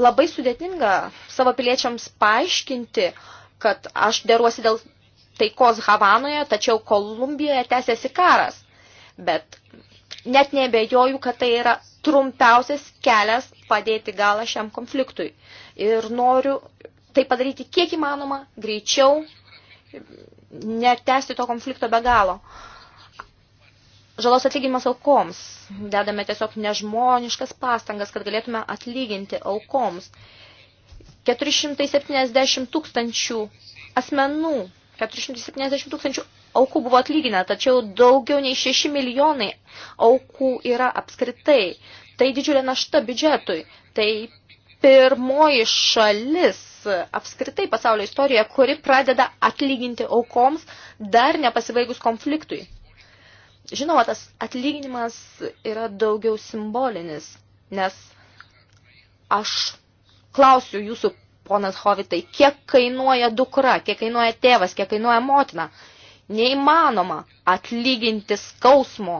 labai sudėtinga savo piliečiams paaiškinti, kad aš deruosi dėl taikos Havanoje, tačiau Kolumbijoje tęsiasi karas. Bet net nebejoju, kad tai yra trumpiausias kelias padėti galą šiam konfliktui. Ir noriu tai padaryti kiek įmanoma, greičiau, netesti to konflikto be galo. Uh, žalos atlyginimas aukoms. Dedame tiesiog nežmoniškas pastangas, kad galėtume atlyginti aukoms. 470 tūkstančių asmenų, 470 tūkstančių aukų buvo atlyginę, tačiau daugiau nei 6 milijonai aukų yra apskritai. Tai didžiulė našta biudžetui. Tai pirmoji šalis apskritai pasaulio istorijoje, kuri pradeda atlyginti aukoms dar nepasibaigus konfliktui. Žinoma, tas atlyginimas yra daugiau simbolinis, nes aš klausiu jūsų, ponas Hovitai, kiek kainuoja dukra, kiek kainuoja tėvas, kiek kainuoja motina. Neįmanoma atlyginti skausmo,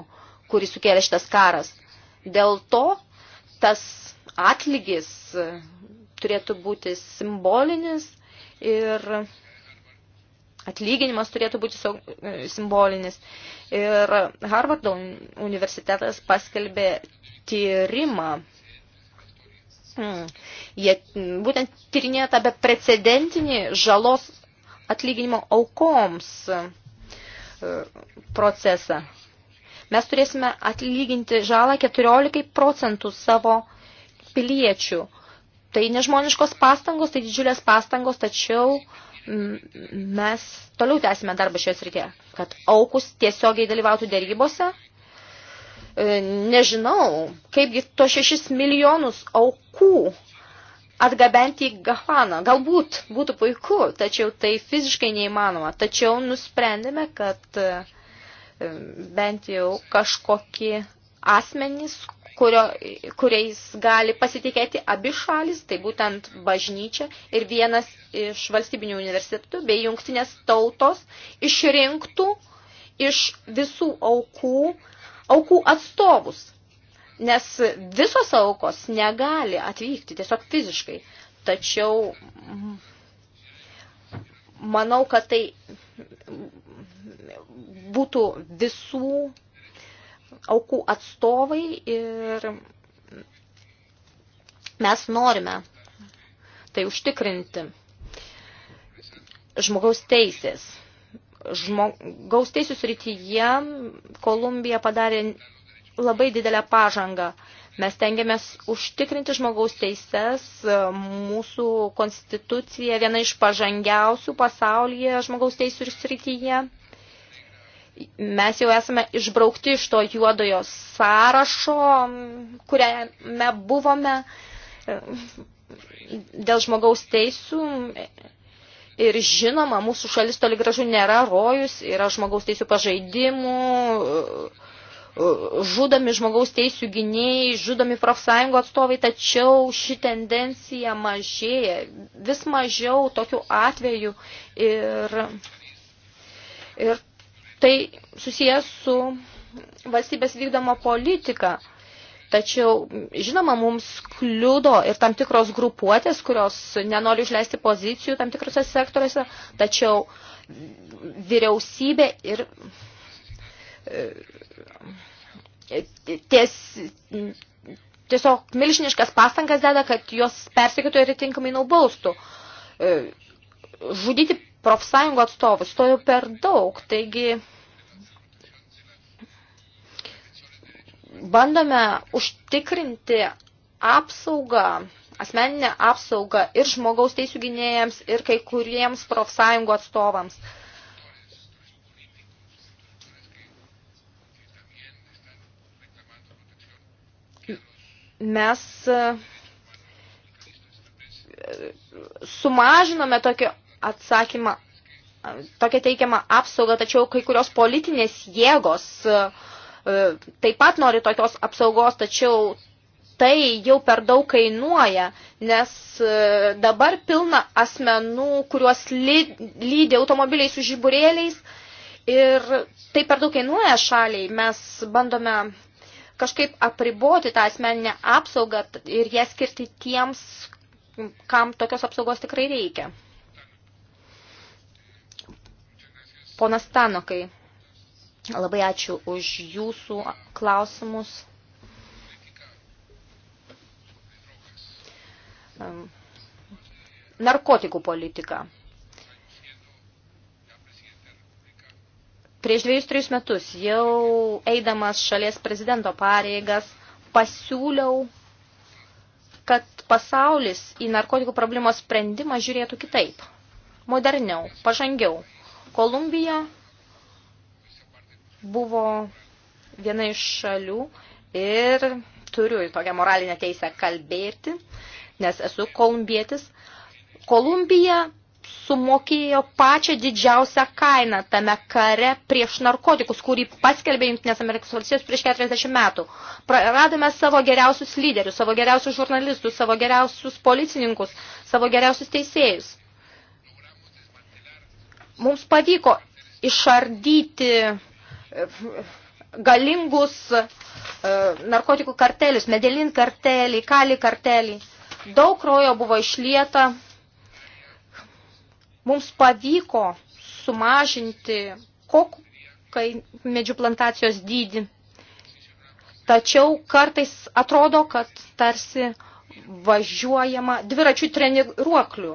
kurį sukėlė šitas karas. Dėl to tas atlygis turėtų būti simbolinis ir atlyginimas turėtų būti e, simbolinis. Ir Harvardo universitetas paskelbė tyrimą. Hmm. Jie būtent tyrinėjo tą beprecedentinį žalos atlyginimo aukoms e, procesą. Mes turėsime atlyginti žalą 14 procentų savo piliečių. Tai nežmoniškos pastangos, tai didžiulės pastangos, tačiau uh, mes toliau tęsime darbą šioje srityje, kad aukus tiesiogiai dalyvautų dėrybose. E, nežinau, kaipgi to šešis milijonus aukų atgabenti į Gahaną. Galbūt būtų puiku, tačiau tai fiziškai neįmanoma. Tačiau nusprendėme, kad e, bent jau kažkokie asmenys, kurio, kuriais gali pasitikėti abi šalis, tai būtent bažnyčia ir vienas iš valstybinių universitetų bei jungtinės tautos išrinktų iš visų aukų, aukų atstovus. Nes visos aukos negali atvykti tiesiog fiziškai. Tačiau manau, kad tai būtų visų aukų atstovai ir mes norime tai užtikrinti. Žmogaus teisės. Žmogaus teisės rytyje Kolumbija padarė labai didelę pažangą. Mes tengiamės užtikrinti žmogaus teises. Mūsų konstitucija viena iš pažangiausių pasaulyje žmogaus teisų ir srityje mes jau esame išbraukti iš to juodojo sąrašo, kuriame buvome dėl žmogaus teisų. Ir žinoma, mūsų šalis toli gražu nėra rojus, yra žmogaus teisų pažeidimų, žudomi žmogaus teisų gynėjai, žudomi profsąjungo atstovai, tačiau ši tendencija mažėja, vis mažiau tokių atvejų ir, ir tai susijęs su valstybės vykdoma politika. Tačiau, žinoma, mums kliudo ir tam tikros grupuotės, kurios nenori užleisti pozicijų tam tikrose sektoriuose, tačiau vyriausybė ir e, ties, tiesiog milžiniškas pastangas deda, kad jos persekiotų ir tinkamai naubaustų. E, žudyti profsąjungo atstovus, to jau per daug, taigi bandome užtikrinti apsaugą, asmeninę apsaugą ir žmogaus teisų gynėjams, ir kai kuriems profsąjungų atstovams. Mes e, sumažinome tokį atsakymą, tokią teikiamą apsaugą, tačiau kai kurios politinės jėgos uh, E, taip pat nori tokios apsaugos, tačiau tai jau per daug kainuoja, nes e, dabar pilna asmenų, kuriuos lydi automobiliai su žiburėliais ir tai per daug kainuoja šaliai. Mes bandome kažkaip apriboti tą asmeninę apsaugą ir ją skirti tiems, kam tokios apsaugos tikrai reikia. Ponas Stanokai. Labai ačiū už jūsų klausimus. Narkotikų politika. Prieš dviejus, trijus metus jau eidamas šalies prezidento pareigas pasiūliau, kad pasaulis į narkotikų problemos sprendimą žiūrėtų kitaip, moderniau, pažangiau. Kolumbija buvo viena iš šalių ir turiu tokią moralinę teisę kalbėti, nes esu kolumbietis. Kolumbija sumokėjo pačią didžiausią kainą tame kare prieš narkotikus, kurį paskelbė Junktinės Amerikos valstijos prieš 40 metų. Praradome savo geriausius lyderius, savo geriausius žurnalistus, savo geriausius policininkus, savo geriausius teisėjus. Mums pavyko išardyti galingus e, narkotikų kartelius, medelin kartelį, kali kartelį. Daug krojo buvo išlieta. Mums pavyko sumažinti kokai medžių plantacijos dydį. Tačiau kartais atrodo, kad tarsi važiuojama dviračių treniruoklių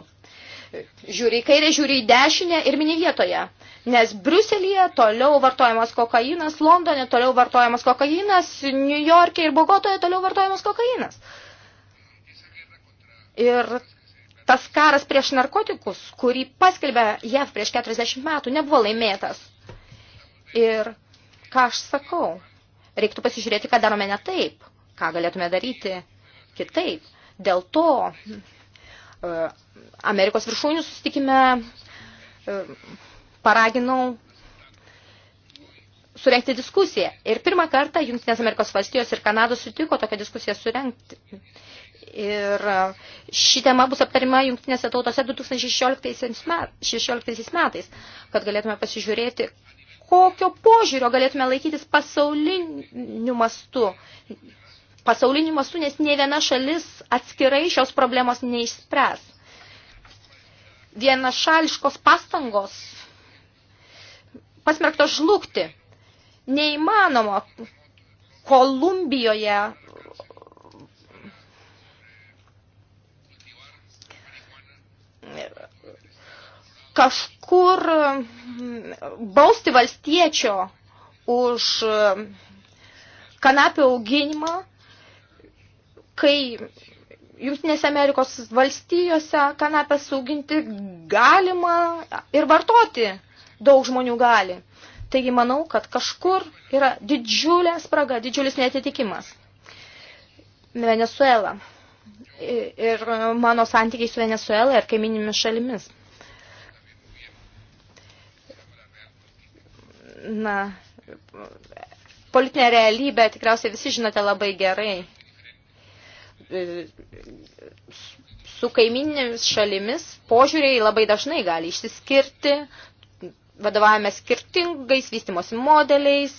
žiūri į kairę, žiūri į dešinę ir mini vietoje. Nes Briuselėje toliau vartojamas kokainas, Londone toliau vartojamas kokainas, New York'e ir Bogotoje toliau vartojamas kokainas. Ir tas karas prieš narkotikus, kurį paskelbė JAV prieš 40 metų, nebuvo laimėtas. Ir ką aš sakau, reiktų pasižiūrėti, ką darome ne taip, ką galėtume daryti kitaip. Dėl to E, Amerikos viršūnių sustikime e, paraginau surengti diskusiją. Ir pirmą kartą Junktinės Amerikos valstijos ir Kanados sutiko tokią diskusiją surengti. Ir e, ši tema bus aptarima Junktinėse tautose 2016 metais, kad galėtume pasižiūrėti, kokio požiūrio galėtume laikytis pasauliniu mastu pasauliniu mastu, nes ne viena šalis atskirai šios problemos neišspręs. Viena šališkos pastangos pasmerktos žlugti. Neįmanoma Kolumbijoje kažkur bausti valstiečio už kanapių auginimą kai Junktinėse Amerikos valstijose kanapės auginti galima ir vartoti daug žmonių gali. Taigi manau, kad kažkur yra didžiulė spraga, didžiulis netitikimas. Venezuela ir mano santykiai su Venezuela ir kaiminimis šalimis. Na, politinė realybė tikriausiai visi žinote labai gerai su kaiminėmis šalimis požiūriai labai dažnai gali išsiskirti, vadovavome skirtingais vystimosi modeliais,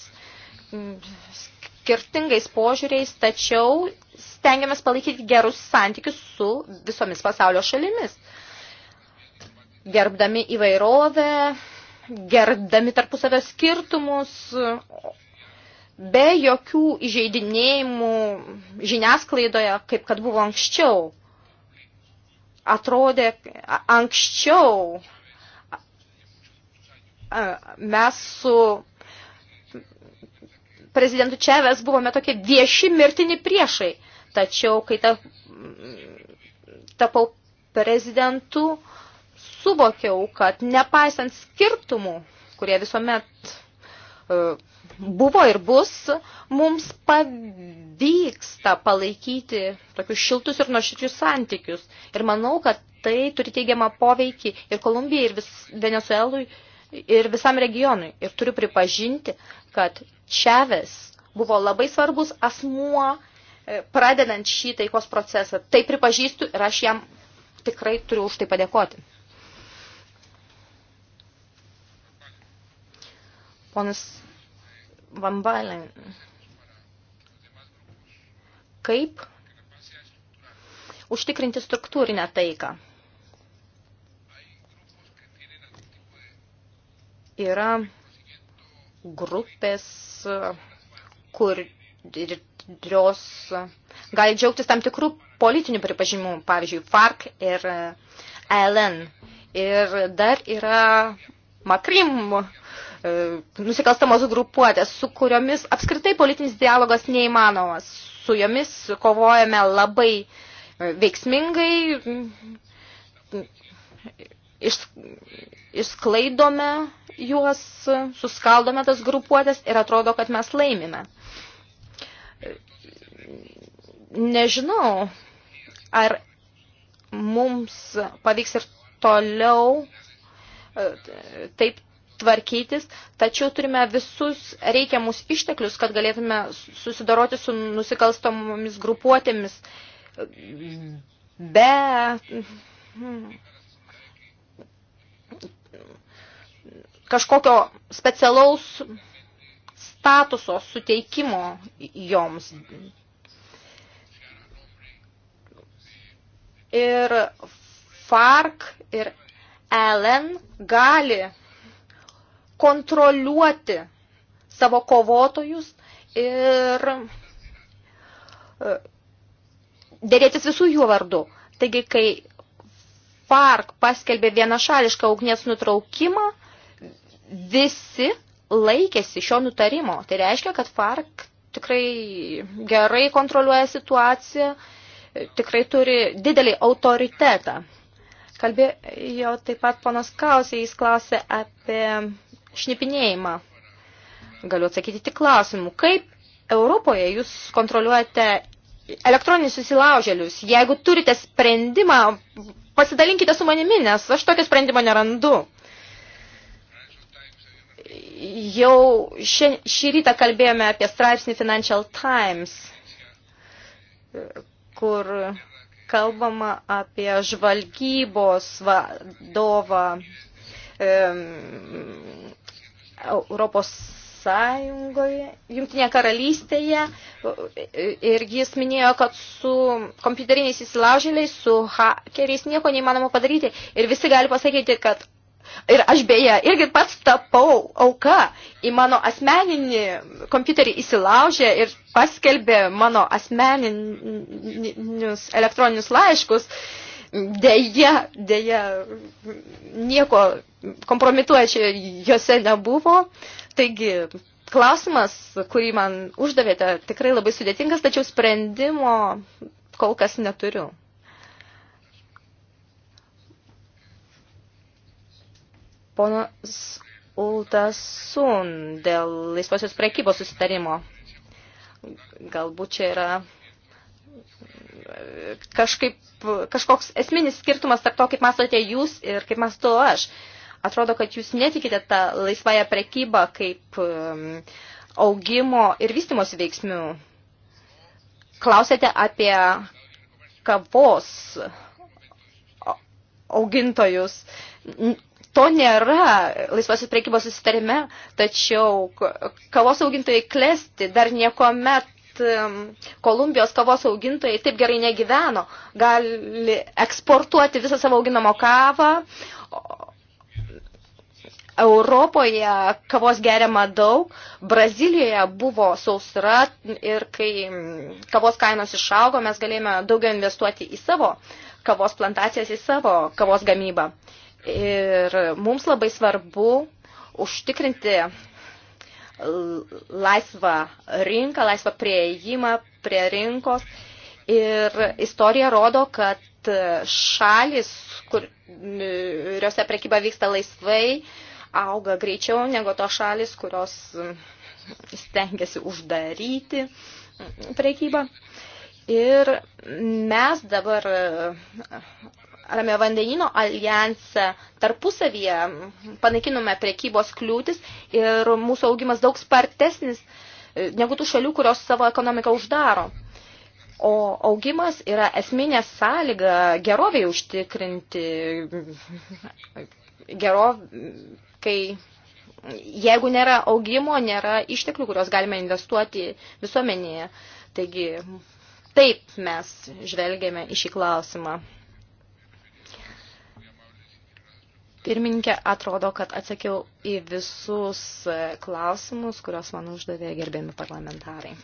skirtingais požiūriais, tačiau stengiamės palaikyti gerus santykius su visomis pasaulio šalimis. Gerbdami įvairovę, gerbdami tarpusavio skirtumus, be jokių įžeidinėjimų žiniasklaidoje, kaip kad buvo anksčiau. Atrodė anksčiau mes su prezidentu Čeves buvome tokie vieši mirtini priešai. Tačiau, kai ta, tapau prezidentu, suvokiau, kad nepaisant skirtumų, kurie visuomet uh, buvo ir bus, mums pavyksta palaikyti tokius šiltus ir nuoširdžius santykius. Ir manau, kad tai turi teigiamą poveikį ir Kolumbijai, ir vis, Venezuelui, ir visam regionui. Ir turiu pripažinti, kad Čeves buvo labai svarbus asmuo, e, pradedant šį taikos procesą. Tai pripažįstu ir aš jam tikrai turiu už tai padėkoti. Ponas Van Balen. Kaip užtikrinti struktūrinę taiką? Yra grupės, kur kurios gali džiaugtis tam tikrų politinių pripažinimų, pavyzdžiui, FARC ir ELN. Ir dar yra Makrim E, nusikalstamos grupuotės, su kuriomis apskritai politinis dialogas neįmanomas. Su jomis kovojame labai e, veiksmingai, mm, iš, išsklaidome juos, suskaldome tas grupuotės ir atrodo, kad mes laimime. Nežinau, ar mums pavyks ir toliau e, taip tvarkytis, tačiau turime visus reikiamus išteklius, kad galėtume susidoroti su nusikalstamomis grupuotėmis be kažkokio specialaus statuso suteikimo joms. Ir FARC ir ELN gali kontroliuoti savo kovotojus ir e, dėrėtis visų jų vardu. Taigi, kai FARC paskelbė vienašališką ugnies nutraukimą, visi laikėsi šio nutarimo. Tai reiškia, kad FARC tikrai gerai kontroliuoja situaciją, tikrai turi didelį autoritetą. Kalbėjo taip pat ponas Kausė, jis klausė apie šnipinėjimą. Galiu atsakyti tik klausimų. Kaip Europoje jūs kontroliuojate elektroninius susilaužėlius? Jeigu turite sprendimą, pasidalinkite su manimi, nes aš tokio sprendimo nerandu. Jau šį, šį rytą kalbėjome apie straipsnį Financial Times, kur kalbama apie žvalgybos vadovą Europos Sąjungoje, Jungtinėje karalystėje ir jis minėjo, kad su kompiuteriniais įsilaužėliais, su hakeriais nieko neįmanoma padaryti ir visi gali pasakyti, kad ir aš beje irgi pats tapau auka į mano asmeninį kompiuterį įsilaužė ir paskelbė mano asmeninius elektroninius laiškus. Deja, deja, nieko kompromituojančio juose nebuvo. Taigi, klausimas, kurį man uždavėte, tikrai labai sudėtingas, tačiau sprendimo kol kas neturiu. Ponas Ultasun dėl laisvosios prekybos susitarimo. Galbūt čia yra kažkaip, kažkoks esminis skirtumas tarp to, kaip mastote jūs ir kaip mastu aš. Uh, Atrodo, kad jūs netikite tą laisvąją prekybą kaip um, augimo ir vystimosi veiksmių. Klausėte apie kavos augintojus. To nėra laisvosios prekybos susitarime, tačiau kavos augintojai klesti dar niekuomet um, Kolumbijos kavos augintojai taip gerai negyveno. Gali eksportuoti visą savo auginamo kavą, Europoje kavos geriama daug, Brazilijoje buvo sausra ir kai kavos kainos išaugo, mes galėjome daugiau investuoti į savo kavos plantacijas, į savo kavos gamybą. Ir mums labai svarbu užtikrinti laisvą rinką, laisvą prieėjimą prie rinkos. Ir istorija rodo, kad šalis, kuriuose prekyba vyksta laisvai, auga greičiau negu tos šalis, kurios mm, stengiasi uždaryti mm, prekybą. Ir mes dabar mm, Ramio vandenino alijansą tarpusavyje panaikinome prekybos kliūtis ir mūsų augimas daug spartesnis e, negu tų šalių, kurios savo ekonomiką uždaro. O augimas yra esminė sąlyga geroviai užtikrinti, gerov, kai jeigu nėra augimo, nėra išteklių, kuriuos galime investuoti visuomenėje. Taigi taip mes žvelgėme į šį klausimą. Pirmininkė, atrodo, kad atsakiau į visus klausimus, kuriuos man uždavė gerbėmi parlamentarai.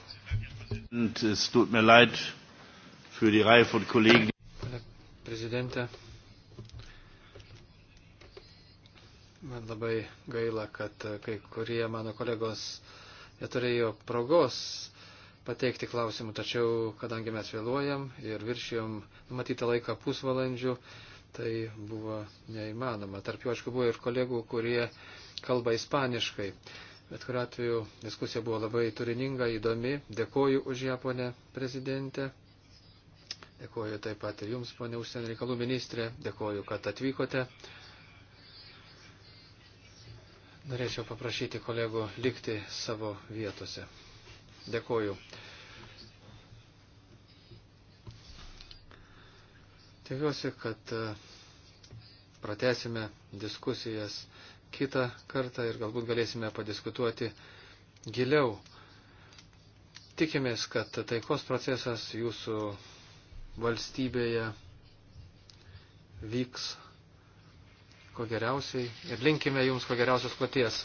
Prezidentė, Man labai gaila, kad e, kai kurie mano kolegos neturėjo progos pateikti klausimų, tačiau kadangi mes vėluojam ir viršijom numatytą laiką pusvalandžių, tai buvo neįmanoma. Tarp jų, aišku, buvo ir kolegų, kurie kalba ispaniškai. Bet kuriu atveju diskusija buvo labai turininga, įdomi. Dėkoju už ją, ponė prezidentė. Dėkoju taip pat ir jums, ponė užsienio reikalų ministrė. Dėkoju, kad atvykote. Norėčiau paprašyti kolegų likti savo vietose. Dėkoju. Tikiuosi, kad e, pratesime diskusijas kitą kartą ir galbūt galėsime padiskutuoti giliau. Tikimės, kad taikos procesas jūsų valstybėje vyks ko geriausiai ir linkime jums ko geriausios kloties.